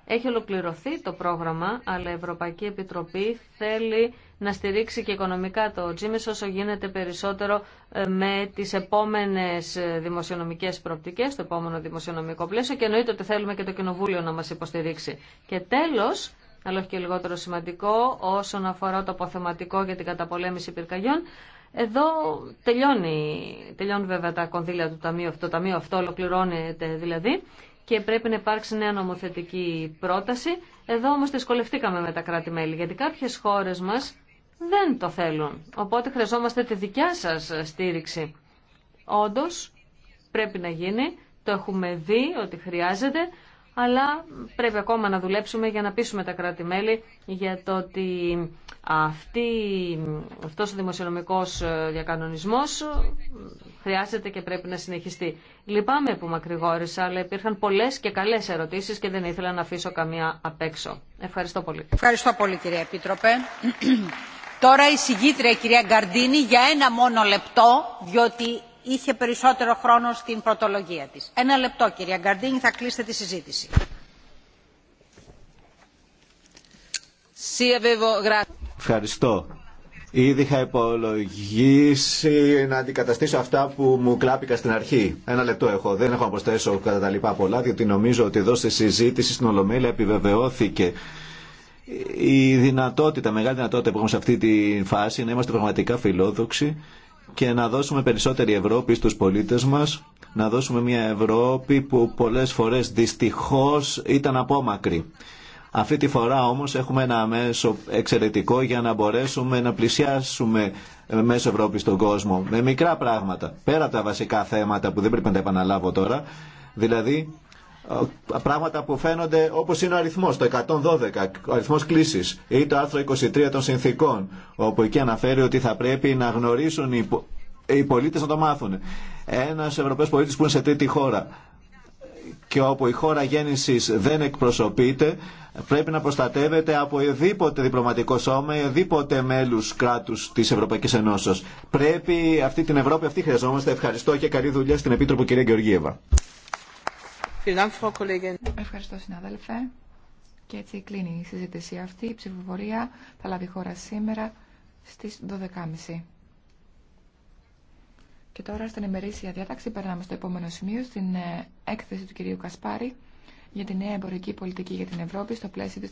Έχει ολοκληρωθεί το πρόγραμμα, αλλά η Ευρωπαϊκή Επιτροπή θέλει να στηρίξει και οικονομικά το Τζίμις όσο γίνεται περισσότερο ε, με τις επόμενες ε, δημοσιονομικές προοπτικές, το επόμενο δημοσιονομικό πλαίσιο και εννοείται ότι θέλουμε και το Κοινοβούλιο να μας υποστηρίξει. Και τέλος, αλλά όχι και λιγότερο σημαντικό, όσον αφορά το αποθεματικό για την καταπολέμηση πυρκαγιών, εδώ τελειώνει, τελειώνει βέβαια τα κονδύλια του ταμείου το ταμείο αυτό ολοκληρώνεται δηλαδή και πρέπει να υπάρξει νέα νομοθετική πρόταση. Εδώ όμως δυσκολευτήκαμε με τα κράτη-μέλη, γιατί κάποιες χώρες μας δεν το θέλουν. Οπότε χρειαζόμαστε τη δικιά σας στήριξη. Όντως πρέπει να γίνει, το έχουμε δει ότι χρειάζεται, αλλά πρέπει ακόμα να δουλέψουμε για να πείσουμε τα κράτη-μέλη για το ότι αυτή, αυτός ο δημοσιονομικός ε, διακανονισμός ε, χρειάζεται και πρέπει να συνεχιστεί. Λυπάμαι που μακρηγόρησα, αλλά υπήρχαν πολλές και καλές ερωτήσεις και δεν ήθελα να αφήσω καμία απ' έξω. Ευχαριστώ πολύ. Ευχαριστώ πολύ κυρία Επίτροπε. Τώρα η συγγήτρια κυρία Γκαρντίνη για ένα μόνο λεπτό, διότι είχε περισσότερο χρόνο στην πρωτολογία της. Ένα λεπτό κυρία Γκαρντίνη, θα κλείσετε τη συζήτηση. Ευχαριστώ. Ήδη είχα υπολογίσει να αντικαταστήσω αυτά που μου κλάπηκα στην αρχή. Ένα λεπτό έχω. Δεν έχω να προσθέσω κατά τα λοιπά πολλά, διότι νομίζω ότι εδώ στη συζήτηση στην Ολομέλεια επιβεβαιώθηκε η δυνατότητα, μεγάλη δυνατότητα που έχουμε σε αυτή τη φάση να είμαστε πραγματικά φιλόδοξοι και να δώσουμε περισσότερη Ευρώπη στους πολίτες μας, να δώσουμε μια Ευρώπη που πολλές φορές δυστυχώς ήταν απόμακρη. Αυτή τη φορά όμως έχουμε ένα μέσο εξαιρετικό για να μπορέσουμε να πλησιάσουμε μέσω Ευρώπη στον κόσμο με μικρά πράγματα, πέρα από τα βασικά θέματα που δεν πρέπει να τα επαναλάβω τώρα, δηλαδή πράγματα που φαίνονται όπως είναι ο αριθμός, το 112, ο αριθμός κλήσης ή το άρθρο 23 των συνθήκων, όπου εκεί αναφέρει ότι θα πρέπει να γνωρίσουν οι, οι πολίτες να το μάθουν. Ένας Ευρωπαίος πολίτης που είναι σε τρίτη χώρα και όπου η χώρα γέννησης δεν εκπροσωπείται, πρέπει να προστατεύεται από οδήποτε διπλωματικό σώμα οδήποτε μέλους κράτους της Ευρωπαϊκής Ενώσεως. Πρέπει αυτή την Ευρώπη, αυτή χρειαζόμαστε. Ευχαριστώ και καλή δουλειά στην Επίτροπο κυρία Γεωργίευα. Ευχαριστώ συνάδελφε. Και έτσι κλείνει η συζήτηση αυτή. Η ψηφοφορία θα λάβει χώρα σήμερα στις 12.30. Και τώρα στην ημερήσια διάταξη περνάμε στο επόμενο σημείο, στην ε, έκθεση του κυρίου Κασπάρη για τη νέα εμπορική πολιτική για την Ευρώπη στο πλαίσιο της